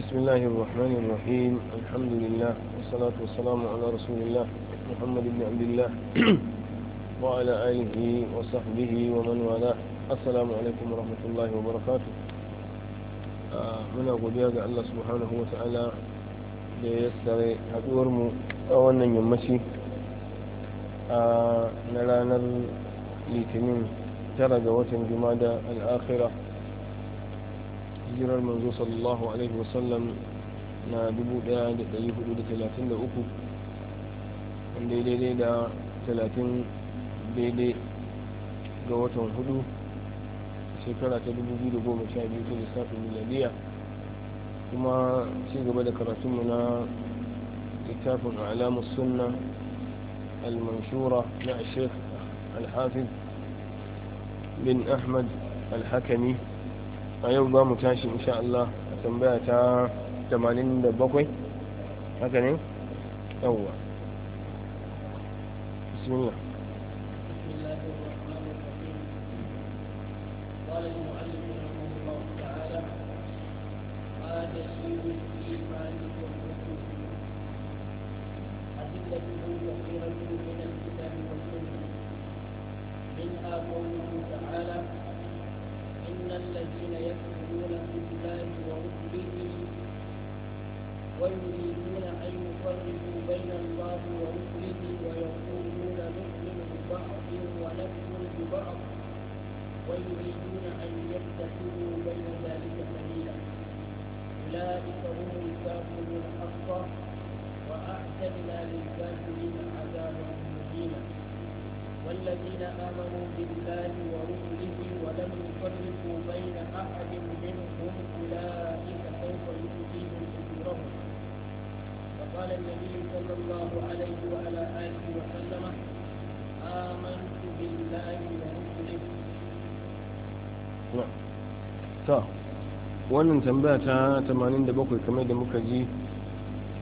بسم الله الرحمن الرحيم الحمد لله والصلاة والسلام على رسول الله محمد بن عبد الله وعلى آله وصحبه ومن والاه السلام عليكم ورحمة الله وبركاته آه، من أقول يا الله سبحانه وتعالى ليسر أدورم أولا يمشي آه، نرانا لتنين ترى جوة جمادة الآخرة هجر المنزول صلى الله عليه وسلم نا دبو دا دا يهود دا ثلاثين دا أكو دا دا دا دا ثلاثين دا دا دا وطن هدو شكرا تدبو جيدو بو مشاهد يوتو لساق الميلادية ثم شيء قبل كرتمنا كتاب أعلام السنة المنشورة مع الشيخ الحافظ بن أحمد الحكمي a yau ba mu tashi insha Allah a tambaya ta 87 haka ne yawwa bismillah ba ta wannan tambaya ta 87 kamar da muka ji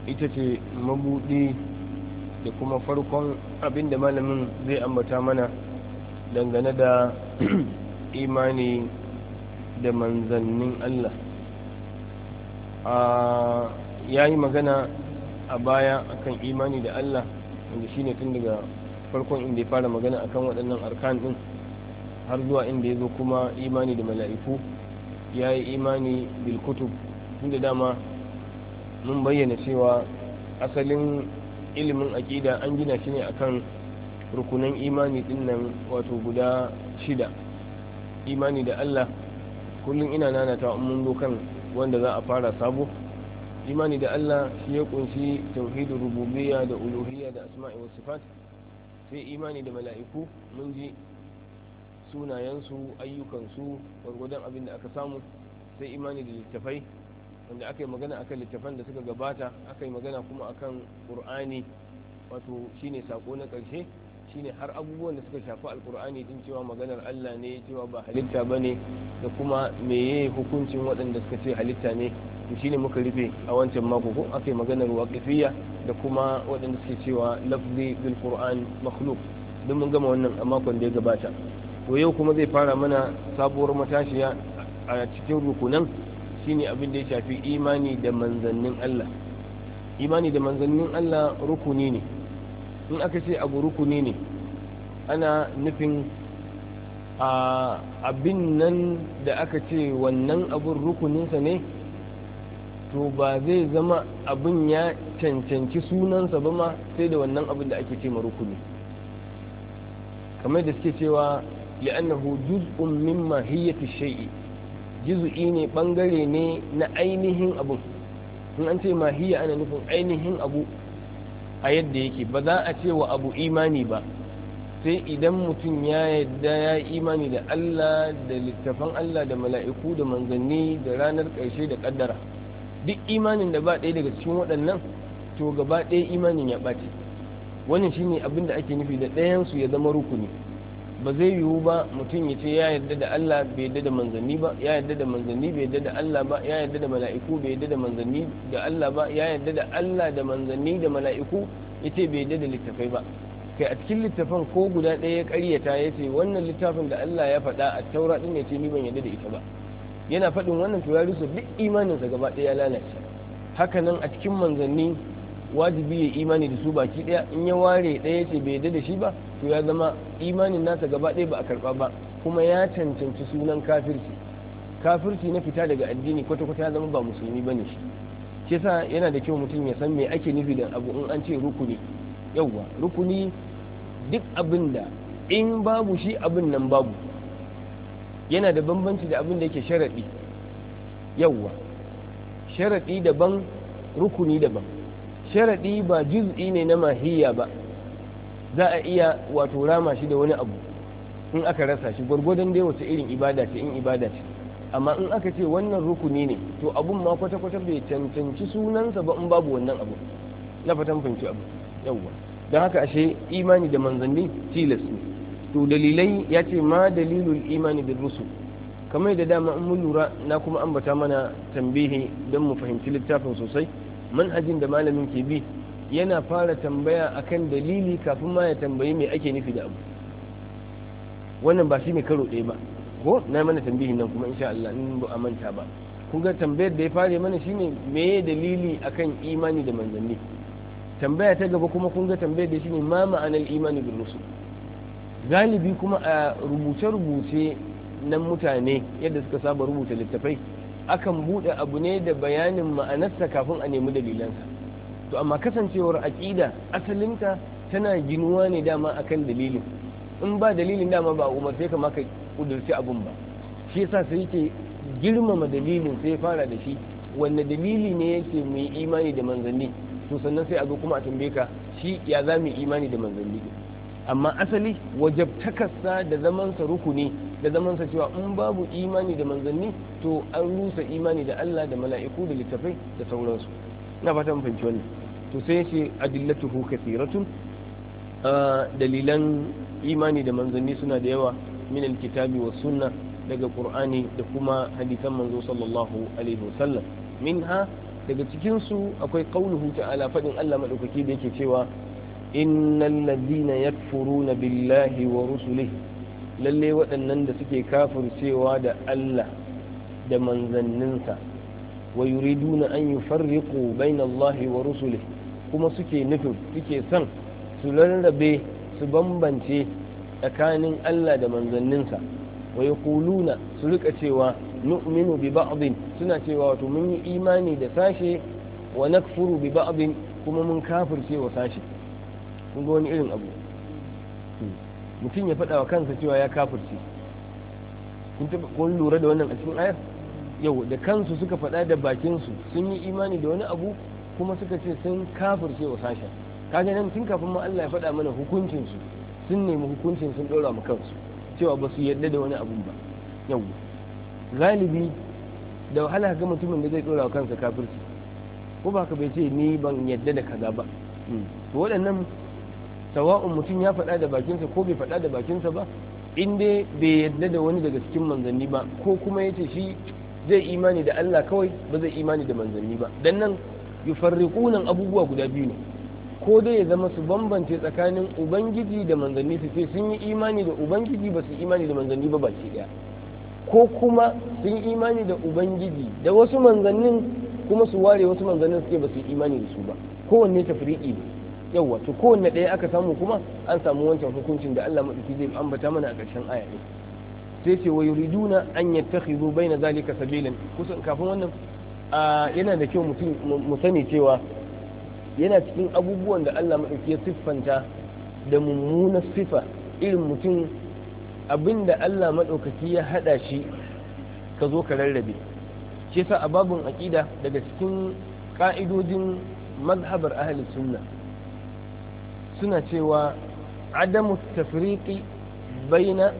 ita ce mabuɗi da kuma farkon abin da malamin zai ambata mana dangane da imani da manzannin Allah ya yi magana a baya akan imani da Allah wanda shine tun daga farkon inda ya fara magana akan waɗannan arkan ɗin har zuwa inda ya zo kuma imani da mala'iku ya yi imani bilkutub inda dama mun bayyana cewa asalin ilimin aƙida an gina shi ne akan rukunan imani din nan wato guda shida imani da allah kullum ina nanata mun zo kan wanda za a fara sabo imani da allah shi ya kunshi tauhidin rububiyya da uluhiyya da asma'i wasu sai imani da mala'iku mun ji sunayensu ayyukansu gwargwadon abin da aka samu sai imani da littafai wanda aka yi magana akan littafan da suka gabata aka yi magana kuma akan qur'ani wato shine sako na ƙarshe shine har abubuwan da suka shafi alkur'ani din cewa maganar Allah ne cewa ba halitta bane da kuma meye hukuncin waɗanda suka ce halitta ne to shine muka rufe a wancan mako ko aka yi maganar waqifiyya da kuma waɗanda suke cewa lafzi bil qur'an makhluq duk mun gama wannan a makon da ya gabata to yau kuma zai fara mana sabuwar matashiya a cikin rukunan shine abin da ya shafi imani da manzannin Allah imani da manzannin Allah rukuni ne in aka ce abu rukuni ne ana nufin a abin nan da aka ce wannan abin rukuninsa ne to ba zai zama abin ya cancanci sunansa ba ma sai da wannan abin da ake ce ma rukuni kamar da suke cewa li'annahu juz'un min mahiyyati shay'i juz'i ne bangare ne na ainihin abu in an ce mahiyya ana nufin ainihin abu a yadda yake ba za a ce wa abu imani ba sai idan mutum ya yadda ya imani da Allah da littafan Allah da mala'iku da manzanni da ranar ƙarshe da ƙaddara duk imanin da ba ɗaya daga cikin waɗannan to gaba ɗaya imanin ya ɓace wannan shine abin da ake nufi da ɗayansu ya zama rukuni ba zai yiwu ba mutum ya ce ya yarda da Allah bai yarda da manzanni ba ya yarda da manzanni bai yarda da Allah ba ya yarda da mala'iku bai yarda da manzanni da Allah ba ya yarda da Allah da manzanni da mala'iku ya ce bai yarda da littafai ba kai a cikin littafin ko guda ɗaya ya ƙaryata ya ce wannan littafin da Allah ya faɗa a taura ɗin ya ce ni ban yarda da ita ba yana faɗin wannan to su duk imaninsa gaba ɗaya ya lalace hakanan a cikin manzanni wajibi ya imani da su baki daya in ya ware daya ce bai yadda da shi ba to ya zama imanin nasa gaba ɗaya ba a karba ba kuma ya cancanci sunan kafirci kafirci na fita daga addini kwata-kwata ya zama ba musulmi bane shi shi sa yana da kyau mutum ya san me ake nufi da abu in an ce rukuni yauwa rukuni duk abin da in babu shi abin nan babu yana da bambanci da abin da yake sharaɗi yauwa sharaɗi daban rukuni daban sharaɗi ba juz'i ne na mahiya ba za a iya wato rama shi da wani abu in aka rasa shi gwargwadon da wace irin ibada ce in ibada ce amma in aka ce wannan rukuni ne to abun ma kwata-kwata bai cancanci sunansa ba in babu wannan abu na fatan fahimci abu yawwa don haka ashe imani da manzanni tilas ne to dalilai ya ce ma dalilul imani da rusul kamar da dama in mun lura na kuma ambata mana tambihi don mu fahimci littafin sosai manhajin da malamin ke bi yana fara tambaya akan dalili kafin ma ya tambayi me ake nufi da abu wannan ba shi ne karo ɗaya ba ko na mana tambihin nan kuma insha Allah in ba manta ba kun ga tambayar da ya fara mana shine me dalili akan imani da manzanni tambaya ta gaba kuma kun ga tambayar da shine ma ma'anar imani bil rusul galibi kuma a rubuce-rubuce na mutane yadda suka saba rubuta littafai akan buɗe abu ne da bayanin ma'anarsa kafin a nemi dalilansa to amma kasancewar aƙida asalinta tana ginuwa ne dama akan dalilin in ba dalilin dama ba kama ka kudurci abun ba shi yasa sai yake girmama dalilin sai fara da shi wanne dalili ne yake mu yi imani da manzanni to sannan sai a zo kuma a tambaye ka shi ya za mu imani da manzanni amma asali wajabtakarsa da zamansa rukuni da zaman sa cewa in babu imani da manzanni to an rusa imani da Allah da mala'iku da littafai da sauransu na fata mun fahimci wannan to sai yace adillatuhu kathiratun dalilan imani da manzanni suna da yawa min alkitabi was sunna daga qur'ani da kuma hadisan manzo sallallahu alaihi wasallam minha daga cikin su akwai qauluhu ta'ala fadin Allah madaukaki da yake cewa innal ladina yakfuruna billahi wa rusulihi lalle waɗannan da suke kafircewa da Allah da manzanninsa wa yuriduna an yi yufarriqu bayan Allah wa rusuli kuma suke nufin suke son su rarrabe su bambance tsakanin Allah da manzanninsa wa kuluna su rika cewa nu'minu bi ba'din suna cewa wato mun yi imani da sashe wa nakfuru bi ba'din kuma mun kafirce wa sashe kun wani irin abu mutum ya faɗa wa kansa cewa ya kafirce kun taɓa kun lura da wannan a cikin ayar yau da kansu suka faɗa da bakinsu sun yi imani da wani abu kuma suka ce sun kafirce wa sashen kaga nan tun kafin ma Allah ya faɗa mana hukuncin su sun nemi hukuncin sun ɗora mu kansu cewa ba su yarda da wani abu ba yau galibi da wahala ga mutumin da zai ɗora wa kansa kafirci ko ba ka bai ce ni ban yarda da kaza ba hmm. to waɗannan sawa'un mutum ya faɗa da bakinsa ko bai faɗa da bakinsa ba in dai bai yadda da wani daga cikin manzanni ba ko kuma ya ce shi zai imani da Allah kawai ba zai imani da manzanni ba dan nan yufarriqunan abubuwa guda biyu ne ko dai ya zama su bambance tsakanin ubangiji da manzanni su ce sun yi imani da ubangiji ba su imani da manzanni ba baki daya ko kuma sun yi imani da ubangiji da wasu manzannin kuma su ware wasu manzannin ce ba su yi imani da su ba kowanne tafriki ne yawwa to kowanne ɗaya aka samu kuma an samu wancan hukuncin da Allah maɗauki zai ambata mana a ƙarshen aya ɗin sai ce wa yuriduna an yattakhidhu baina zalika sabilan kusan kafin wannan yana da kyau mutum mu sani cewa yana cikin abubuwan da Allah maɗauki ya siffanta da mummunar sifa irin mutum abinda Allah maɗaukaki ya haɗa shi ka zo ka rarrabe shi yasa a babun aƙida daga cikin ƙa'idojin mazhabar ahli sunna suna cewa adamu tafriqi baina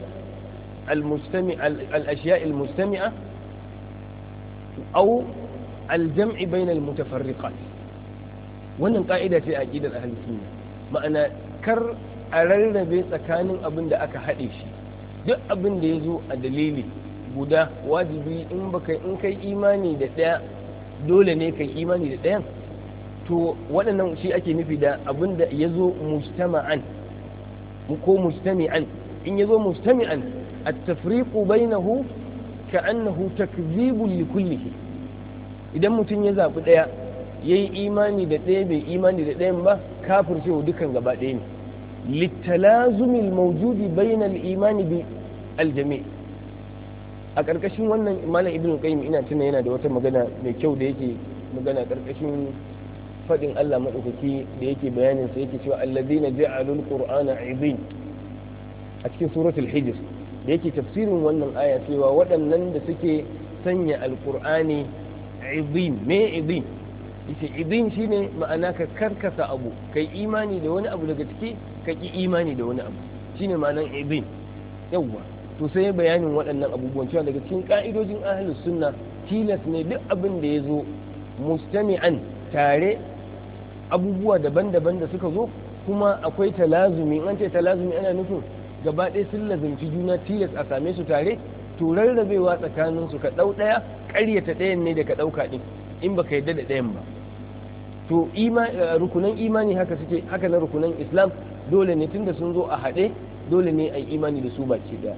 المجتمع الأشياء المجتمعة أو baina بين wannan ƙa'ida ce a ƙidar ahal ma'ana kar a rarrabe tsakanin abin da aka haɗe shi duk abin da ya zo a dalili guda wajibi in baka in kai imani da ɗaya dole ne kai imani da ɗayan to waɗannan shi ake nufi da abin da ya zo Mustama'an? ko Mustami'an? in ya zo Mustami'an, a mujtami'an at-tafriqu bainahu ka'annahu takdhibun li likulli. idan mutum ya zaɓi ɗaya, ya yi imani da ɗaya bai imani da ɗayan ba kafin cewa dukan gaba ɗaya ne maujudi bai na imani bi aljami' a ƙarƙashin wannan malam ibnu qayyim ina tuna yana da wata magana mai kyau da yake magana ƙarƙashin fadin Allah madaukaki da yake bayanin sa yake cewa alladheena ja'alul qur'ana 'izin a cikin suratul hijr da yake tafsirin wannan aya cewa waɗannan da suke sanya alqur'ani 'izin me 'izin yace 'izin shine ma'ana ka karkasa abu kai imani da wani abu daga ciki ka ki imani da wani abu shine ma'anan 'izin yawwa to sai bayanin waɗannan abubuwan cewa daga cikin ka'idojin ahlus sunna tilas ne duk abin da ya zo mustami'an tare abubuwa daban-daban da suka zo kuma akwai talazumi an ce talazumi ana nufin gaba ɗaya sun lazumci juna tilas a same su tare to rarrabewa tsakanin su ka ɗau ɗaya ƙaryata ɗayan ne da ka ɗauka ɗin in ba ka yarda da ɗayan ba to eh, rukunan imani haka suke haka na rukunan islam dole ne tunda sun zo a haɗe dole ne a yi imani da su baki ɗaya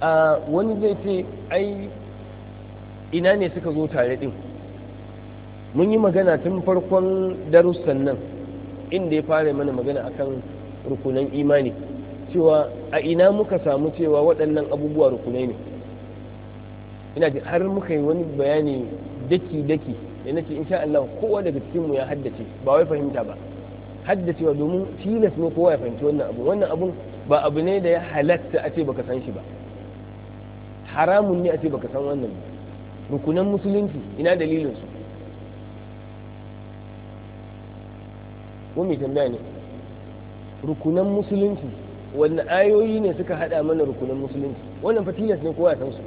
a ah, wani zai ce ai ina ne suka zo tare ɗin mun yi magana tun farkon darussan nan inda ya fara mana magana akan rukunan imani cewa a ina muka samu cewa waɗannan abubuwa rukunai ne ina ji har muka yi wani bayani daki-daki da nake insha Allah kowa daga cikinmu ya haddace ba wai fahimta ba haddacewa domin tilas ne kowa ya fahimci wannan abu wannan abun ba abu ne da ya halatta a ce baka san shi ba haramun ne a ce baka san wannan rukunan musulunci ina dalilin su mai tambaya ne rukunan musulunci wanne ayoyi ne suka hada mana rukunan musulunci wannan fatilas ne kowa san su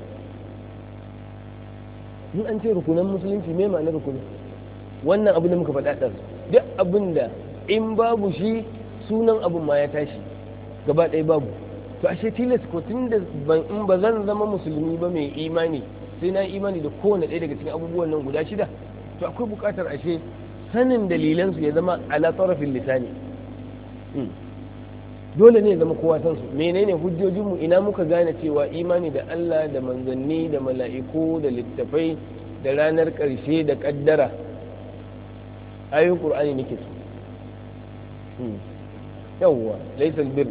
in an ce rukunan musulunci me ma'anar rukunan wannan abin da muka faɗa ɗan duk abin da in babu shi sunan abin ma ya tashi gaba ɗaya babu to ashe tilas ko tun da ban in ba zan zama musulmi ba mai imani sai na imani da kowane ɗaya daga cikin abubuwan nan guda shida to akwai buƙatar ashe sanin dalilansu ya zama ala tsarafin lisani dole ne ya zama kowa san su menene hujjojinmu ina muka gane cewa imani da Allah da manzanni da mala'iku da littafai da ranar ƙarshe da ƙaddara ayoyin ƙur'ani nake su hmm. yawwa laisal bir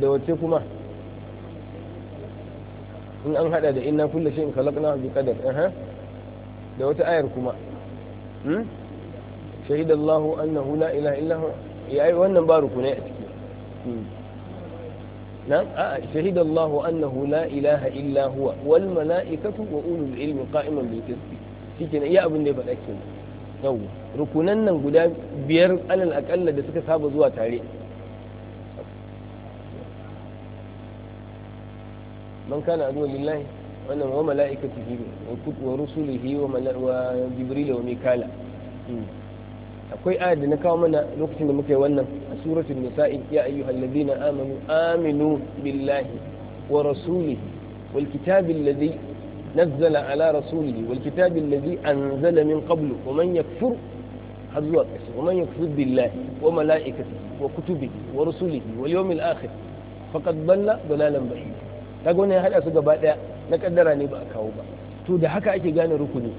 da wace kuma in an hada da inna kulle shi in khalaqna bi qadar da wata ayar kuma hmm? shahidallahu annahu la ilaha illa huwa yayi wannan ba rukunai a ciki نعم شهد الله أنه لا إله إلا هو والملائكة da suka saba zuwa tare man kana adu lillahi wannan wa mala'ikatihi wa rusulihi wa jibril wa mikala hmm. akwai ayat da na kawo mana lokacin da muke wannan a suratul nisa'i ya ayyuhal ladina amanu aminu billahi wa rasulihi wal kitabi alladhi nazzala ala rasulihi wal kitabi alladhi anzala min qablu wa man yakfur har zuwa ƙarshe wa man yakfur billahi wa mala'ikatihi wa kutubihi wa rusulihi wal yawmil akhir faqad dalla dalalan ba'ida kaga wannan ya hada su gaba daya na kaddara ne ba a kawo ba to da haka ake gane rukuni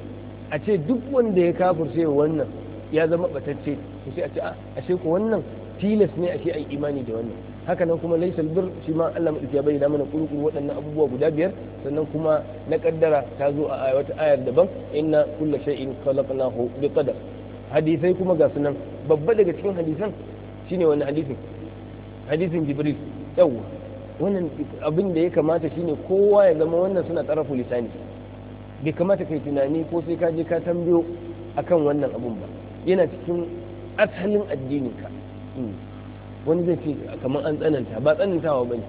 a ce duk wanda ya kafirce wannan ya zama batacce to sai a ce a ah, ce ko wannan tilas ne a ce ai imani da wannan haka nan kuma laysal bir shi ma Allah madauki ya da mana kurkuru waɗannan abubuwa guda biyar sannan kuma na kaddara ta zo a wata ayar daban inna kullu shay'in khalaqnahu biqadar hadisai kuma ga sunan babba daga cikin hadisan shine wannan hadisin hadisin jibril yawwa wannan abin da ya kamata shine kowa ya zama wannan suna tsarafu lisani bai kamata kai tunani ko sai ka je ka tambayo akan wannan abun ba yana cikin asalin addinin ka hmm. wani zai ce kamar an tsananta ba tsanantawa ba ne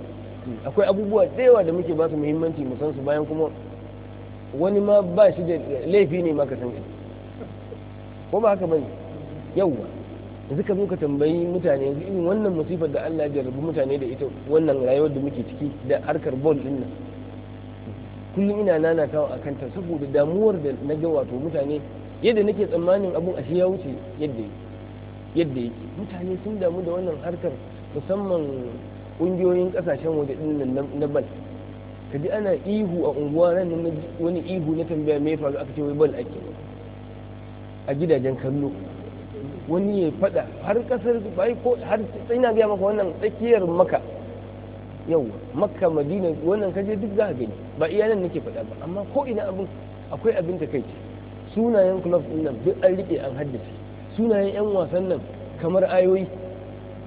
hmm. akwai abubuwa da yawa da muke ba su muhimmanci mu su bayan kuma wani ma ba shi da laifi ne ma ka san shi ko ba haka ba ne yawwa da suka zo ka tambayi mutane yanzu irin wannan musifar da Allah ya jarrabu mutane da ita wannan rayuwar da muke ciki da harkar bol din nan kullum ina lalatawa a kanta saboda damuwar da na ga wato mutane yadda nake tsammanin abun ashe ya wuce yadda yadda yake mutane sun damu da wannan harkar musamman ƙungiyoyin kasashen waje din nan na bal ka ana ihu a unguwa nan wani ihu na tambaya me faru aka ce wai bal ake a gidajen kallo wani ya fada har kasar bai ko har na biya maka wannan tsakiyar maka yawa makka madina wannan kaje duk za ka gani ba iya nan nake fada ba amma ko ina abin akwai abin ta kai sunayen club din nan duk an rike an haddace sunayen yan wasan nan kamar ayoyi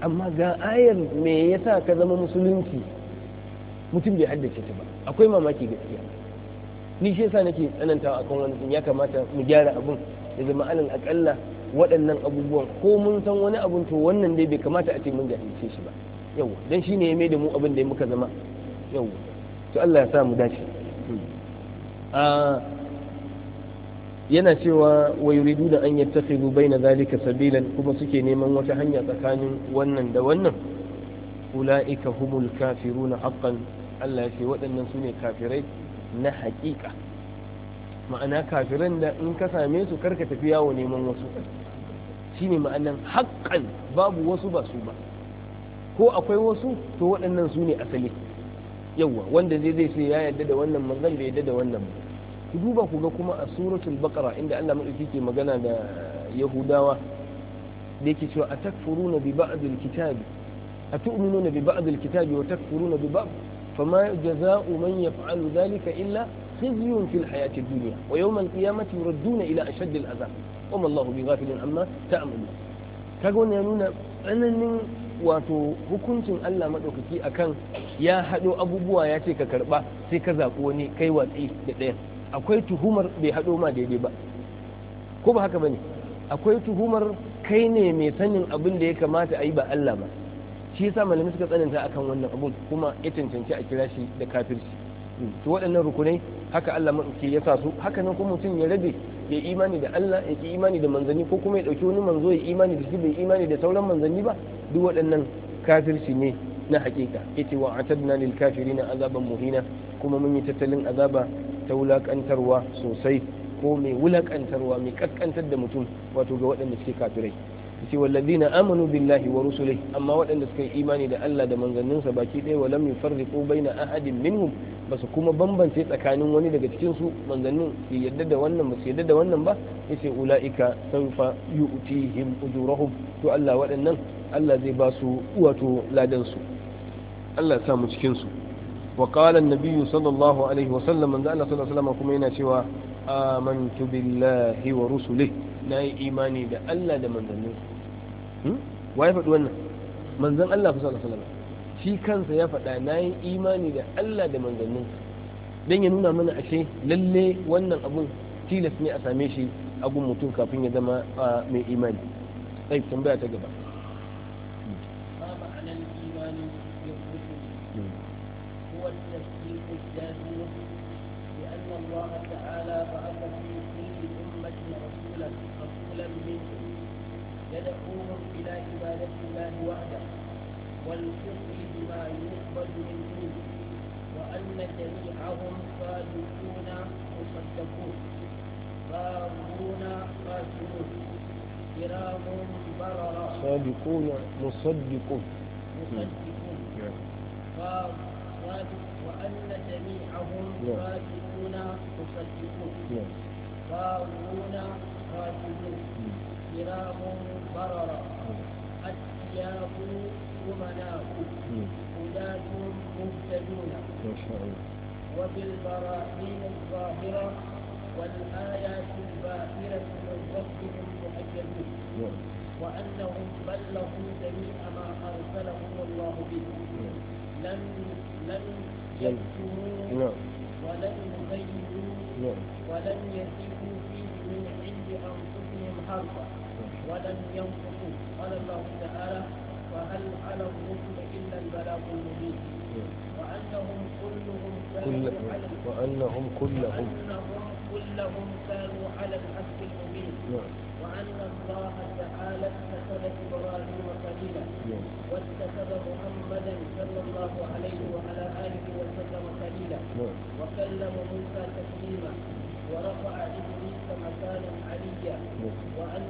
amma ga ayar me yasa ka zama musulunci mutum bai haddace ta ba akwai mamaki gaskiya ni shi yasa nake tsanantawa akan wannan ya kamata mu gyara abin da zama alal akalla waɗannan abubuwan ko mun san wani abun to wannan dai bai kamata a ce mun jahilce shi ba yawa dan shine ya maida mu abin da muka zama yawa to Allah ya sa mu dace yana cewa wa yuridu da an yattakhidu baina zalika sabilan kuma suke neman wata hanya tsakanin wannan da wannan ulaika humul kafiruna haqqan Allah ya ce waɗannan sune kafirai na haƙiƙa ma'ana kafiran da in ka same su karka tafi yawo neman wasu shine ma'anan haƙƙan babu wasu ba su ba ko akwai wasu to waɗannan su ne asali yawa wanda zai zai sai ya yarda da wannan manzon bai yarda da wannan ba ku duba ku ga kuma a suratul baqara inda Allah madauki ke magana da yahudawa da yake cewa atakfuruna bi ba'dil alkitab atu'minuna bi ba'dil alkitab wa takfuruna bi ba'd fama jazaa'u man yaf'alu dhalika illa خزي في الحياة الدنيا ويوم القيامة يردون إلى أشد العذاب وما الله بغافل عما تعملون كقولنا ينون أنني wato hukuncin Allah maɗaukaki akan ya haɗo abubuwa ya ce ka karɓa sai ka zaɓi wani kai watsi da ɗayan akwai tuhumar bai haɗo ma daidai ba ko ba haka ba ne akwai tuhumar kai ne mai sanin abin da ya kamata a yi ba Allah ba shi yasa malamai suka tsananta akan wannan abun kuma ya cancanci a kira shi da kafirci to waɗannan rukunai haka Allah ke ya sa su haka nan kuma mutum ya rage ya imani da Allah ya ki imani da manzanni ko kuma ya dauki wani manzo ya imani da shi bai imani da sauran manzanni ba duk waɗannan kafirci ne na hakika yace wa atadna lil kafirina azaban muhina kuma mun yi tattalin azaba ta wulakantarwa sosai ko mai wulakantarwa mai kaskantar da mutum wato ga waɗanda suke kafirai yace wallazina amanu billahi wa rusulih amma waɗanda suka yi imani da Allah da manzanninsa baki ɗaya wa lam yufarriqu baina ahadin minhum basu kuma bambance tsakanin wani daga cikin su manzannin ya yadda da wannan ba su yadda da wannan ba yace ulaika sawfa yu'tihim ujurahum to Allah waɗannan Allah zai ba su wato ladan su Allah ya sa mu cikin su wa qala an nabiyyu sallallahu alaihi wa sallam manzo Allah sallallahu alaihi wa sallam kuma yana cewa amantu billahi wa rusuli na yi imani da Allah da manzannin hmm? wa ya faɗi wannan manzan Allah fusa salama shi kansa ya faɗa na yi imani da Allah da manzannin don ya nuna mana ashe lalle wannan abun tilas ne a same shi abun mutum kafin ya zama ah, mai imani tsaye tambaya ta gaba الله وحده والكفر بما يقبل من دونه وأن جميعهم صادقون مصدقون بارون قاتلون كرام بررا صادقون مصدقون مصدقون وأن جميعهم صادقون مصدقون بارون قاتلون كرام بررا أحياء أمناء هداة مهتدون وبالبراهين الظاهرة والآيات الباهرة من ربهم مؤيدون نعم. وأنهم بلغوا جميع ما أرسلهم الله به لم نعم. لم نعم. يكفروا ولم يغيروا ولم يزيدوا فيه من عند أنفسهم حرفا ولم ينقصوا قال الله تعالى وهل على الرسل الا البلاغ المبين وانهم كلهم كانوا على وانهم كلهم وانهم كلهم كانوا على الحق المبين نعم. وان الله تعالى اتخذ ابراهيم خليلا نعم. واتخذ محمدا صلى الله عليه وعلى اله وسلم خليلا نعم. وكلم موسى تكليما ورفع ابليس مكانا عليا وان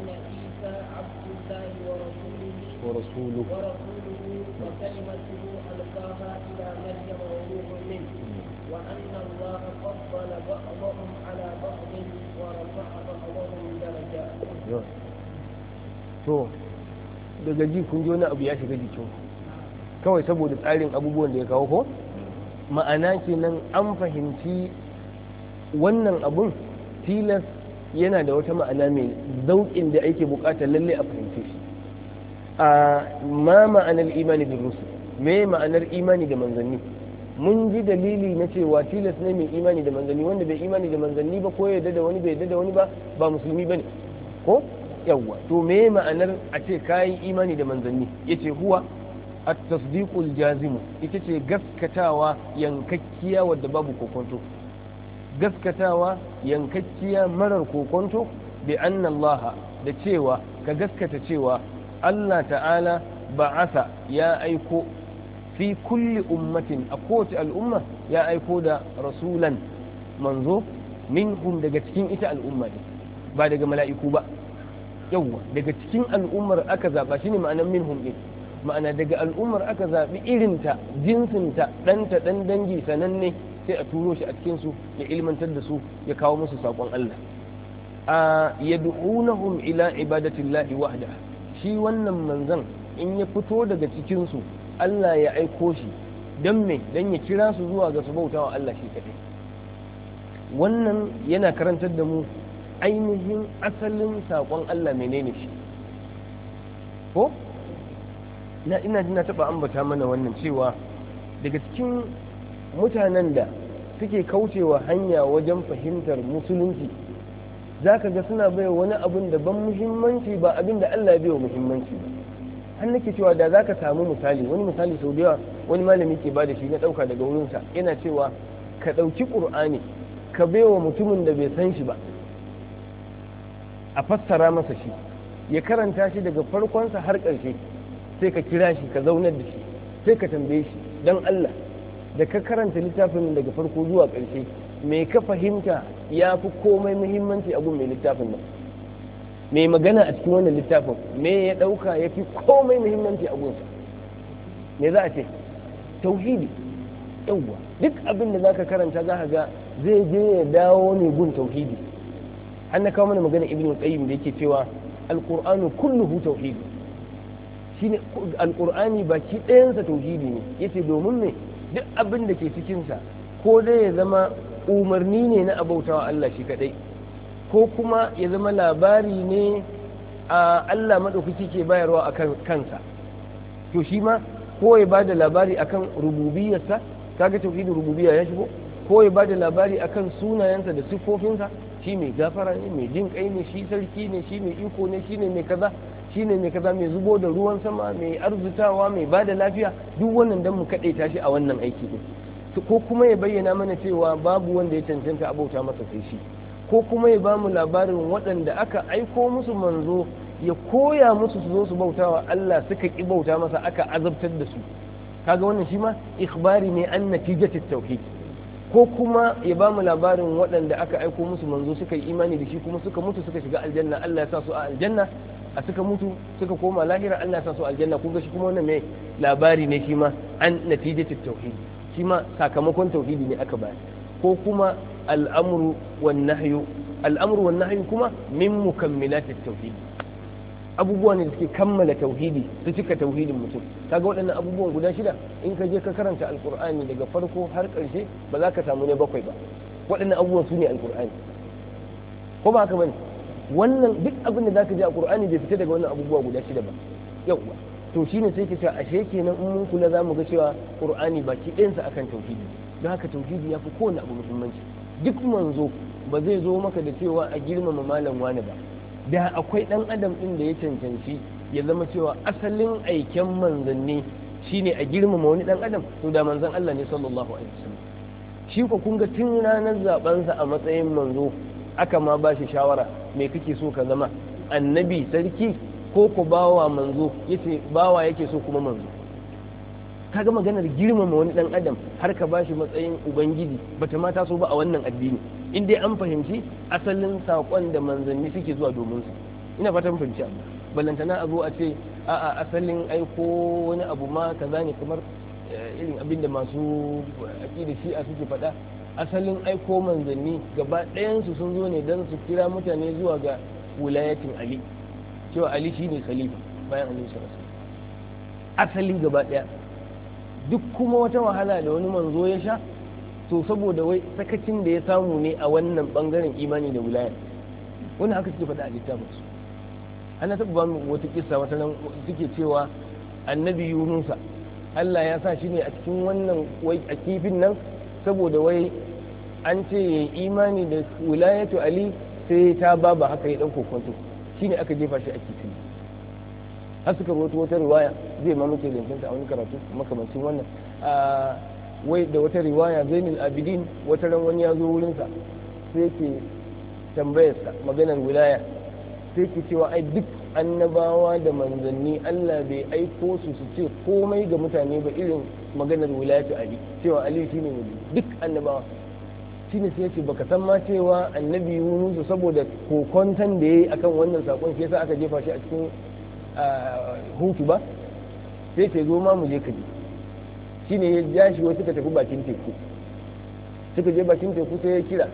ورسوله وكلمته إلى مريم وروح منه وأن الله فضل بعضهم على بعض ورفع بعضهم درجات daga ji kun ji wani abu ya shiga jikin kawai saboda tsarin abubuwan da ya kawo ko ma'ana kenan an fahimci wannan abun tilas yana da wata ma'ana mai zaukin da ake buƙatar lalle a fahimce a ma ma'anar imani da rusu me ma'anar imani da manzanni mun ji dalili na cewa tilas ne mai imani da manzanni wanda bai imani da manzanni ba ko yadda da wani bai yadda da wani ba ba musulmi bane ko yawwa to me ma'anar a ce kayi imani da manzanni yace huwa at-tasdiqu jazimu ita ce gaskatawa yankakkiya wadda babu kokonto gaskatawa yankakkiya marar kokonto bi anna Allah da cewa ka gaskata cewa Allah ta'ala Ba'asa ya aiko fi kulli ummatin a kowace al'umma ya aiko da rasulan manzo minhum daga cikin ita al'umma ne ba daga mala'iku ba yawwa daga cikin al'ummar aka zaba shine ma'anar minhum din ma'ana daga al'ummar aka zaɓi irinta jinsinta ɗanta ɗan dangi sananne sai a turo shi a cikinsu ya ilmantar da su ya kawo musu saƙon Allah a yad'unahum ila ibadatillahi wahda shi wannan manzan in ya fito daga cikinsu Allah ya aiko shi don me don ya kira su zuwa ga su bautawa Allah shi kaɗai wannan yana karantar da mu ainihin asalin saƙon Allah menene shi ko na ina na taɓa ambata mana wannan cewa daga cikin mutanen da suke kaucewa hanya wajen fahimtar musulunci za ka ga suna bai wani abin da ban muhimmanci ba abin da Allah ya bai wa muhimmanci ba har nake cewa da za ka samu misali wani misali sau da yawa wani malami ke ba da shi na ɗauka daga wurinsa yana cewa ka ɗauki ƙur'ani ka bai wa mutumin da bai san shi ba a fassara masa shi ya karanta shi daga farkonsa har karshe sai ka kira shi ka zauna da shi sai ka tambaye shi don Allah da ka karanta littafin daga farko zuwa karshe. me ka fahimta ya fi komai muhimmanci abun mai littafin nan mai magana a cikin wannan littafin me ya ɗauka ya fi komai muhimmanci a gunsa me za a ce tauhidi yauwa duk abin da zaka karanta za ka ga zai je ya dawo ne gun tauhidi an na kawo mana magana ibn qayyim da yake cewa alqur'anu kulluhu tauhidi shine alqur'ani baki ɗayansa tauhidi ne yace domin me duk abin da ke cikinsa ko dai ya zama umarni ne na abautawa Allah shi kadai ko kuma ya zama labari ne a Allah maɗaukaki ke bayarwa kan kansa to shi ma ko ya ba da labari akan rububiyarsa kaga tauhidin rububiyar ya shigo ko ya ba da labari akan sunayensa da siffofinsa shi mai gafara ne mai jin kai ne shi sarki ne shi mai iko ne shi ne mai kaza shi ne mai kaza mai zubo da ruwan sama mai arzutawa mai ba da lafiya duk wannan dan mu kaɗaita tashi a wannan aiki ne ko kuma ya bayyana mana cewa babu wanda ya cancanta abauta masa sai shi ko kuma ya ba mu labarin waɗanda aka aiko musu manzo ya koya musu su zo su bauta wa Allah suka ki bauta masa aka azabtar da su kaga wannan shi ma ikhbari ne an natijatit tauhid ko kuma ya ba mu labarin waɗanda aka aiko musu manzo suka yi imani da shi kuma suka mutu suka shiga aljanna Allah ya sa su a aljanna a suka mutu suka koma lahira Allah ya sa su aljanna kuma ga shi kuma wannan mai labari ne shi ma an natijatit tauhid shi ma sakamakon tauhidi ne aka bayar ko kuma Al'amuru wan nahyu Al'amuru wan nahyu kuma min mukammilatit tauhid abubuwa ne da suke kammala tauhidi su cika tauhidin mutum kaga waɗannan abubuwan guda shida in ka je ka karanta alqur'ani daga farko har ƙarshe ba za ka samu ne bakwai ba waɗannan abubuwan su ne alqur'ani ko ba haka bane wannan duk abin da ka ji a qur'ani bai fita daga wannan abubuwa guda shida ba yauwa to shine sai ke cewa ashe kenan in mun kula zamu ga cewa qur'ani baki ɗayansa akan tauhidi don haka tauhidi ya fi kowane abu muhimmanci duk manzo ba zai zo maka da cewa a girmama malam wani ba da akwai dan adam ɗin da ya cancanci ya zama cewa asalin aiken manzanni shine a girmama wani dan adam to da manzan Allah ne sallallahu alaihi wasallam shi ko kun ga tun ranar sa a matsayin manzo aka ma ba shi shawara me kake so ka zama annabi sarki ko ku bawa manzo yace bawa yake so kuma manzo kaga maganar girmama wani dan adam har ka bashi matsayin ubangiji bata ma taso ba a wannan addini in dai an fahimci asalin sakon da manzanni suke zuwa domin su ina fatan fahimci abu ballantana a zo a ce a asalin aiko wani abu ma kaza ne kamar eh, irin abin da masu aƙida shi'a suke faɗa asalin aiko manzanni gaba ɗayansu sun zo ne don su kira mutane zuwa ga wulayatin ali cewa ali shi ne khalifa bayan annabi sallallahu alaihi asali gaba daya duk kuma wata wahala da wani manzo ya sha to saboda wai sakacin da ya samu ne a wannan bangaren imani da wilaya wannan haka suke faɗa a littafin su ana taɓa ba mu wata kissa wata nan suke cewa annabi yunusa Allah ya sa shi ne a cikin wannan wai a kifin nan saboda wai an ce imani da wilayatu ali sai ta baba haka ya ɗauko kwanto shine aka jefa shi a kifi har suka rubuta wata riwaya zai ma muke linkinta a wani karatu makamancin wannan ah, wai da wata riwaya zainul abidin wata ran wani ya zo wurinsa sai ke tambayar sa maganar wilaya sai ke cewa ai duk annabawa da manzanni Allah bai aiko su su ce komai ga mutane ba irin maganar wilayatu ali cewa ali shine duk annabawa shine sai ce baka san ma cewa annabi Yunus saboda kokontan da yi akan wannan sakon shi yasa aka jefa shi a cikin hutu ba sai ce zo ma mu je kaji shine ya ja shi wai suka tafi bakin teku suka je bakin teku sai ya kira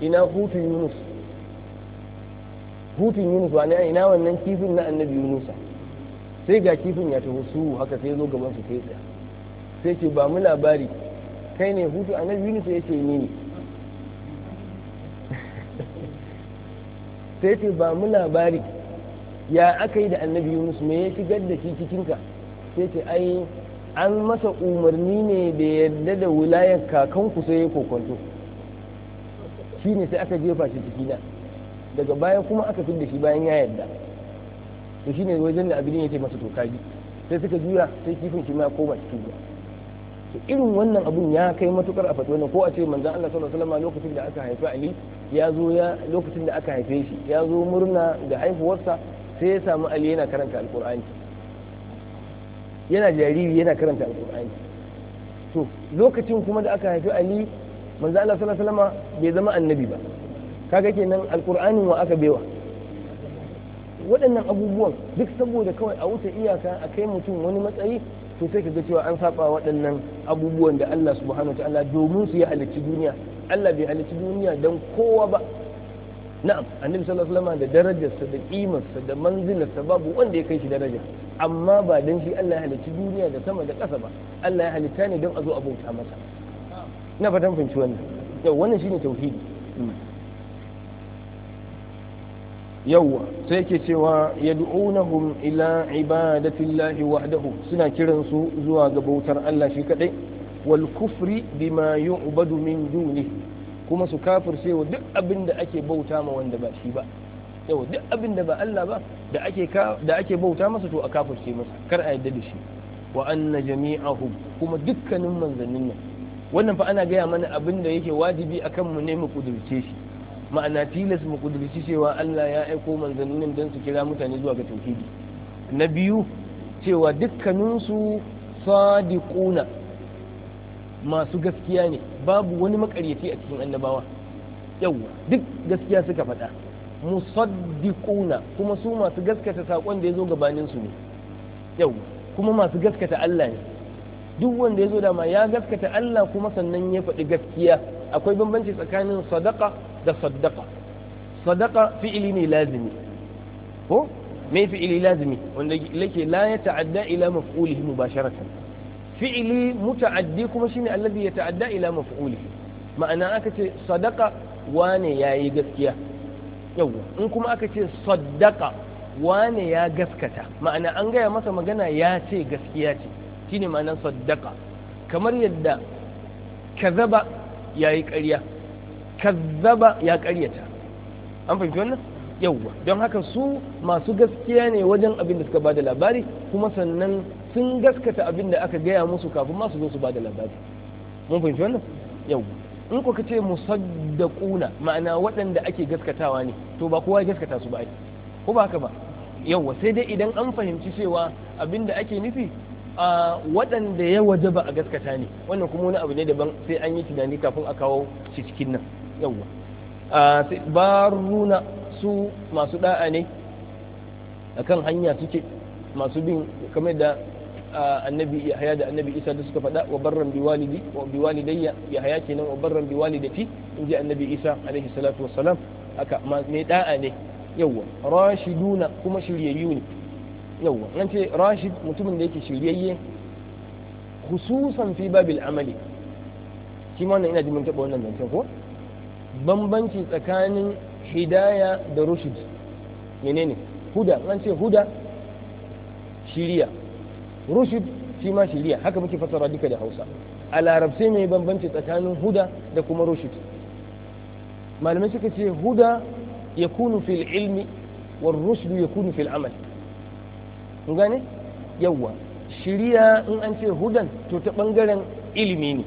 ina hutu Yunus hutun Yunus ba ina wannan kifin na annabi Yunusa sai ga kifin ya taho su haka sai zo gaban su sai tsaya sai ce ba mu labari kai ne hutu annabi Yunus ya ce ni ne sai ce ba mu labari ya aka yi da annabi yunus me ya shigar da shi cikinka sai ce ai an masa umarni ne da yadda da wilayar kakanku sai ya kokonto shi ne sai aka jefa shi cikina daga baya kuma aka da shi bayan ya yarda to ne wajen da abin ya ce masa to kaji sai suka jura sai kifin shi ma koma cikin ruwa to irin wannan abun ya kai matukar a fatuwa ko a ce manzan Allah sallallahu alaihi wasallam lokacin da aka haifi Ali ya zo ya lokacin da aka haife shi ya zo murna da haihuwarsa sai ya samu Ali yana karanta alqur'ani yana jariri yana karanta alqur'ani to lokacin kuma da aka haifi Ali manzan Allah sallallahu alaihi wasallam bai zama annabi ba kaga kenan alqur'anin wa aka baiwa waɗannan abubuwan duk saboda kawai a wuce iyaka a kai mutum wani matsayi to sai ka ga cewa an saba waɗannan abubuwan da Allah subhanahu ta'ala domin su ya halicci duniya Allah bai halicci duniya dan kowa ba na'am annabi sallallahu alaihi wasallam da darajarsa da kimarsa da manzilarsa babu wanda ya kai shi daraja amma ba dan shi Allah ya halicci duniya da sama da ƙasa ba Allah ya halitta ne don a zo a bauta masa na fatan fahimci wannan yau wannan shine tauhidi yawwa sai yake cewa yad'unahum ila ibadatillahi wahdahu suna kiran su zuwa ga bautar Allah shi kadai wal kufri bima yu'badu min duni kuma su kafirce wa duk abin da ake bauta ma wanda ba shi ba yau duk abin da ba Allah ba da ake da ake bauta masa to a kafirce masa kar a yadda da shi wa anna jami'ahum kuma dukkanin manzannin nan wannan fa ana gaya mana abin da yake wajibi akan mu ne mu kudurce shi ma'ana tilas mu kudurci cewa Allah ya aiko manzannin don su kira mutane zuwa ga tauhidi na biyu cewa dukkaninsu sadiquna masu gaskiya ne babu wani makaryaci a cikin annabawa yawa duk gaskiya suka faɗa musaddiquna kuma su masu gaskata saƙon da ya zo gabaninsu ne yawa kuma masu gaskata Allah ne duk wanda ya zo dama ya gaskata Allah kuma sannan ya faɗi gaskiya akwai bambanci tsakanin sadaka da saddaqa saddaqa fi'ili ne lazimi ko me fi'ili lazimi wanda yake la ya ta'adda ila maf'ulihi mubasharatan fi'ili muta'addi kuma shine alladhi ya ta'adda ila maf'ulihi ma'ana aka ce sadaqa wane yayi gaskiya yau in kuma aka ce saddaqa wane ya gaskata ma'ana an gaya masa magana ya ce gaskiya ce shine ma'anar saddaqa kamar yadda kazaba yayi ƙarya kazzaba ya karyata an fahimci wannan yawwa don haka su masu gaskiya ne wajen abin da suka bada labari kuma sannan sun gaskata abin da aka gaya musu kafin ma su zo su bada labari mun fahimci wannan yawwa in kuka ce musaddaquna ma'ana waɗanda ake gaskatawa ne to ba kowa ya gaskata su ba ai ko ba haka ba yawwa sai dai idan an fahimci cewa abin da ake nufi a waɗanda ya waje ba a gaskata ne wannan kuma wani abu ne daban sai an yi tunani kafin a kawo shi cikin nan yawwa ba baruna su masu da'a ne a kan hanya suke masu bin kamar da annabi yahya da annabi isa da suka faɗa wa barran bi walidi wa bi walidayya yahya kenan wa barran bi walidati inji annabi isa alaihi salatu wassalam aka mai da'a ne yawwa rashiduna kuma shiryayyu ne yawwa an ce rashid mutumin da yake shiryayye hususan fi babil amali shi ma wannan ina ji mun taɓa wannan zancen ko bambanci tsakanin hidaya da rushd menene huda an ce huda shiriya rushid shi ma shiriya haka muke fasara duka da hausa a larabce mai bambanci tsakanin huda da kuma rushid malamai suka ce huda ya kunu fil ilmi wa rushd ya kunu fil amal kun gane yawwa shiriya in an ce hudan to ta bangaren ilimi ne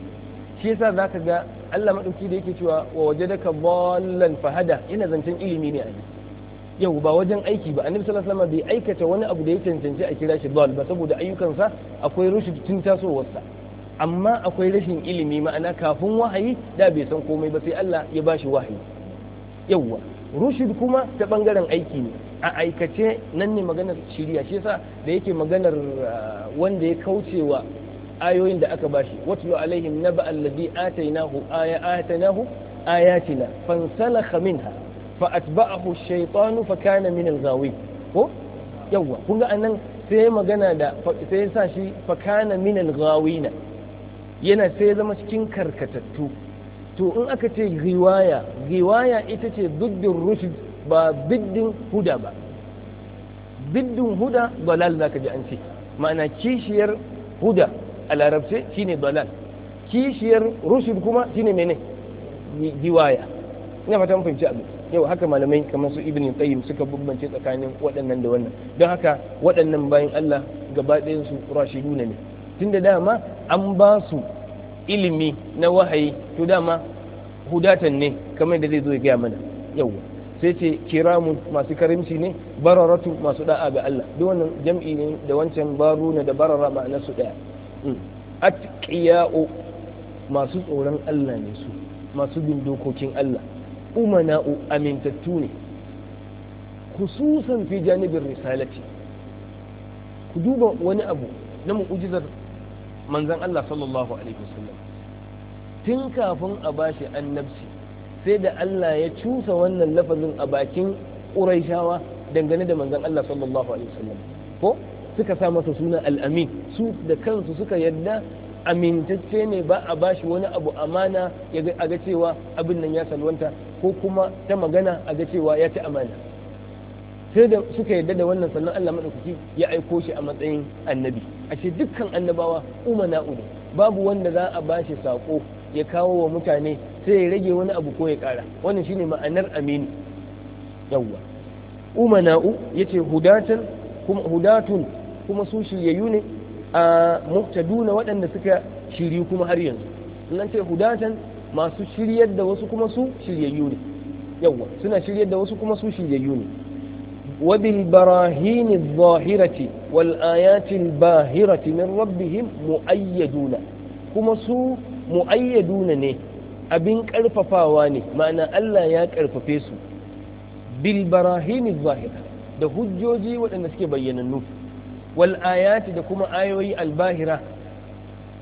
shi yasa ka ga Allah maɗauki da yake cewa wa waje daga dallan fahada yana zancen ilimi ne a yau ba wajen aiki ba annabi sallallahu alaihi wasallam bai aikata wani abu da ya cancanci a kira shi dal ba saboda ayyukansa akwai rushd tun tasowarsa amma akwai rashin ilimi ma'ana kafin wahayi da bai san komai ba sai Allah ya bashi wahayi Yauwa rushd kuma ta bangaren aiki ne a aikace nan ne maganar Shirya shi yasa da yake maganar ah, wanda ya kaucewa ayoyin da aka bashi watlu alaihim naba alladhi atainahu aya atainahu ayatina fansalakha minha fa atba'ahu ash-shaytanu fa kana min al-ghawi ko yawa kun ga anan sai magana da sai sa shi fa kana min al-ghawina yana sai zama cikin karkatattu to in aka ce riwaya riwaya ita ce biddin rushd ba biddin huda ba biddin huda balal ka ji an ce ma'ana kishiyar huda a larabce shine dalal kishiyar rushid kuma shine mene giwaya ina fahimci abin yau haka malamai kamar su ibn qayyim suka bambance tsakanin waɗannan da wannan don haka waɗannan bayan Allah gaba ɗayan su rashiduna ne tunda dama an ba su ilimi na wahayi to dama hudatan ne kamar da zai zo ya gaya mana yau sai ce kiramu masu karimci ne bararatu masu da'a ga Allah duk wannan jam'i ne da wancan baruna da barara ma'anar su daya Mm. atqiya'u masu tsoron Allah ne su masu bin dokokin Allah umana'u amintattu ne khususan fi janibin risalati ku duba wani abu na mu'ujizar manzan Allah sallallahu alaihi wasallam tun kafin a bashi annabci sai da Allah ya cusa wannan lafazin a bakin ƙuraishawa dangane da manzan Allah sallallahu alaihi wasallam ko suka sa masa suna al'amin su da kansu suka yadda amintacce ne ba a bashi wani abu amana a ga cewa abin nan ya salwanta ko kuma ta magana a ga cewa ya ci amana sai da suka yadda da wannan sannan Allah madaukaki ya aiko shi a matsayin annabi ashe dukkan annabawa umana ne babu wanda za a bashi sako ya kawo wa mutane sai ya rage wani abu ko ya kara wannan shine ma'anar aminu yawwa umana'u yace hudatan kuma hudatun kuma su shiryayyu ne a muhtaduna waɗanda suka shiryu kuma har yanzu in ce hudatan masu shiryar da wasu kuma su shiryayyu ne yawwa suna shiryar da wasu kuma su shiryayyu ne wa bil barahini zahirati wal ayati bahirati min rabbihim muayyaduna kuma su muayyaduna ne abin karfafawa ne ma'ana Allah ya karfafe su bil zahira da hujjoji waɗanda suke bayyanannu wal'ayati da kuma ayoyi albahira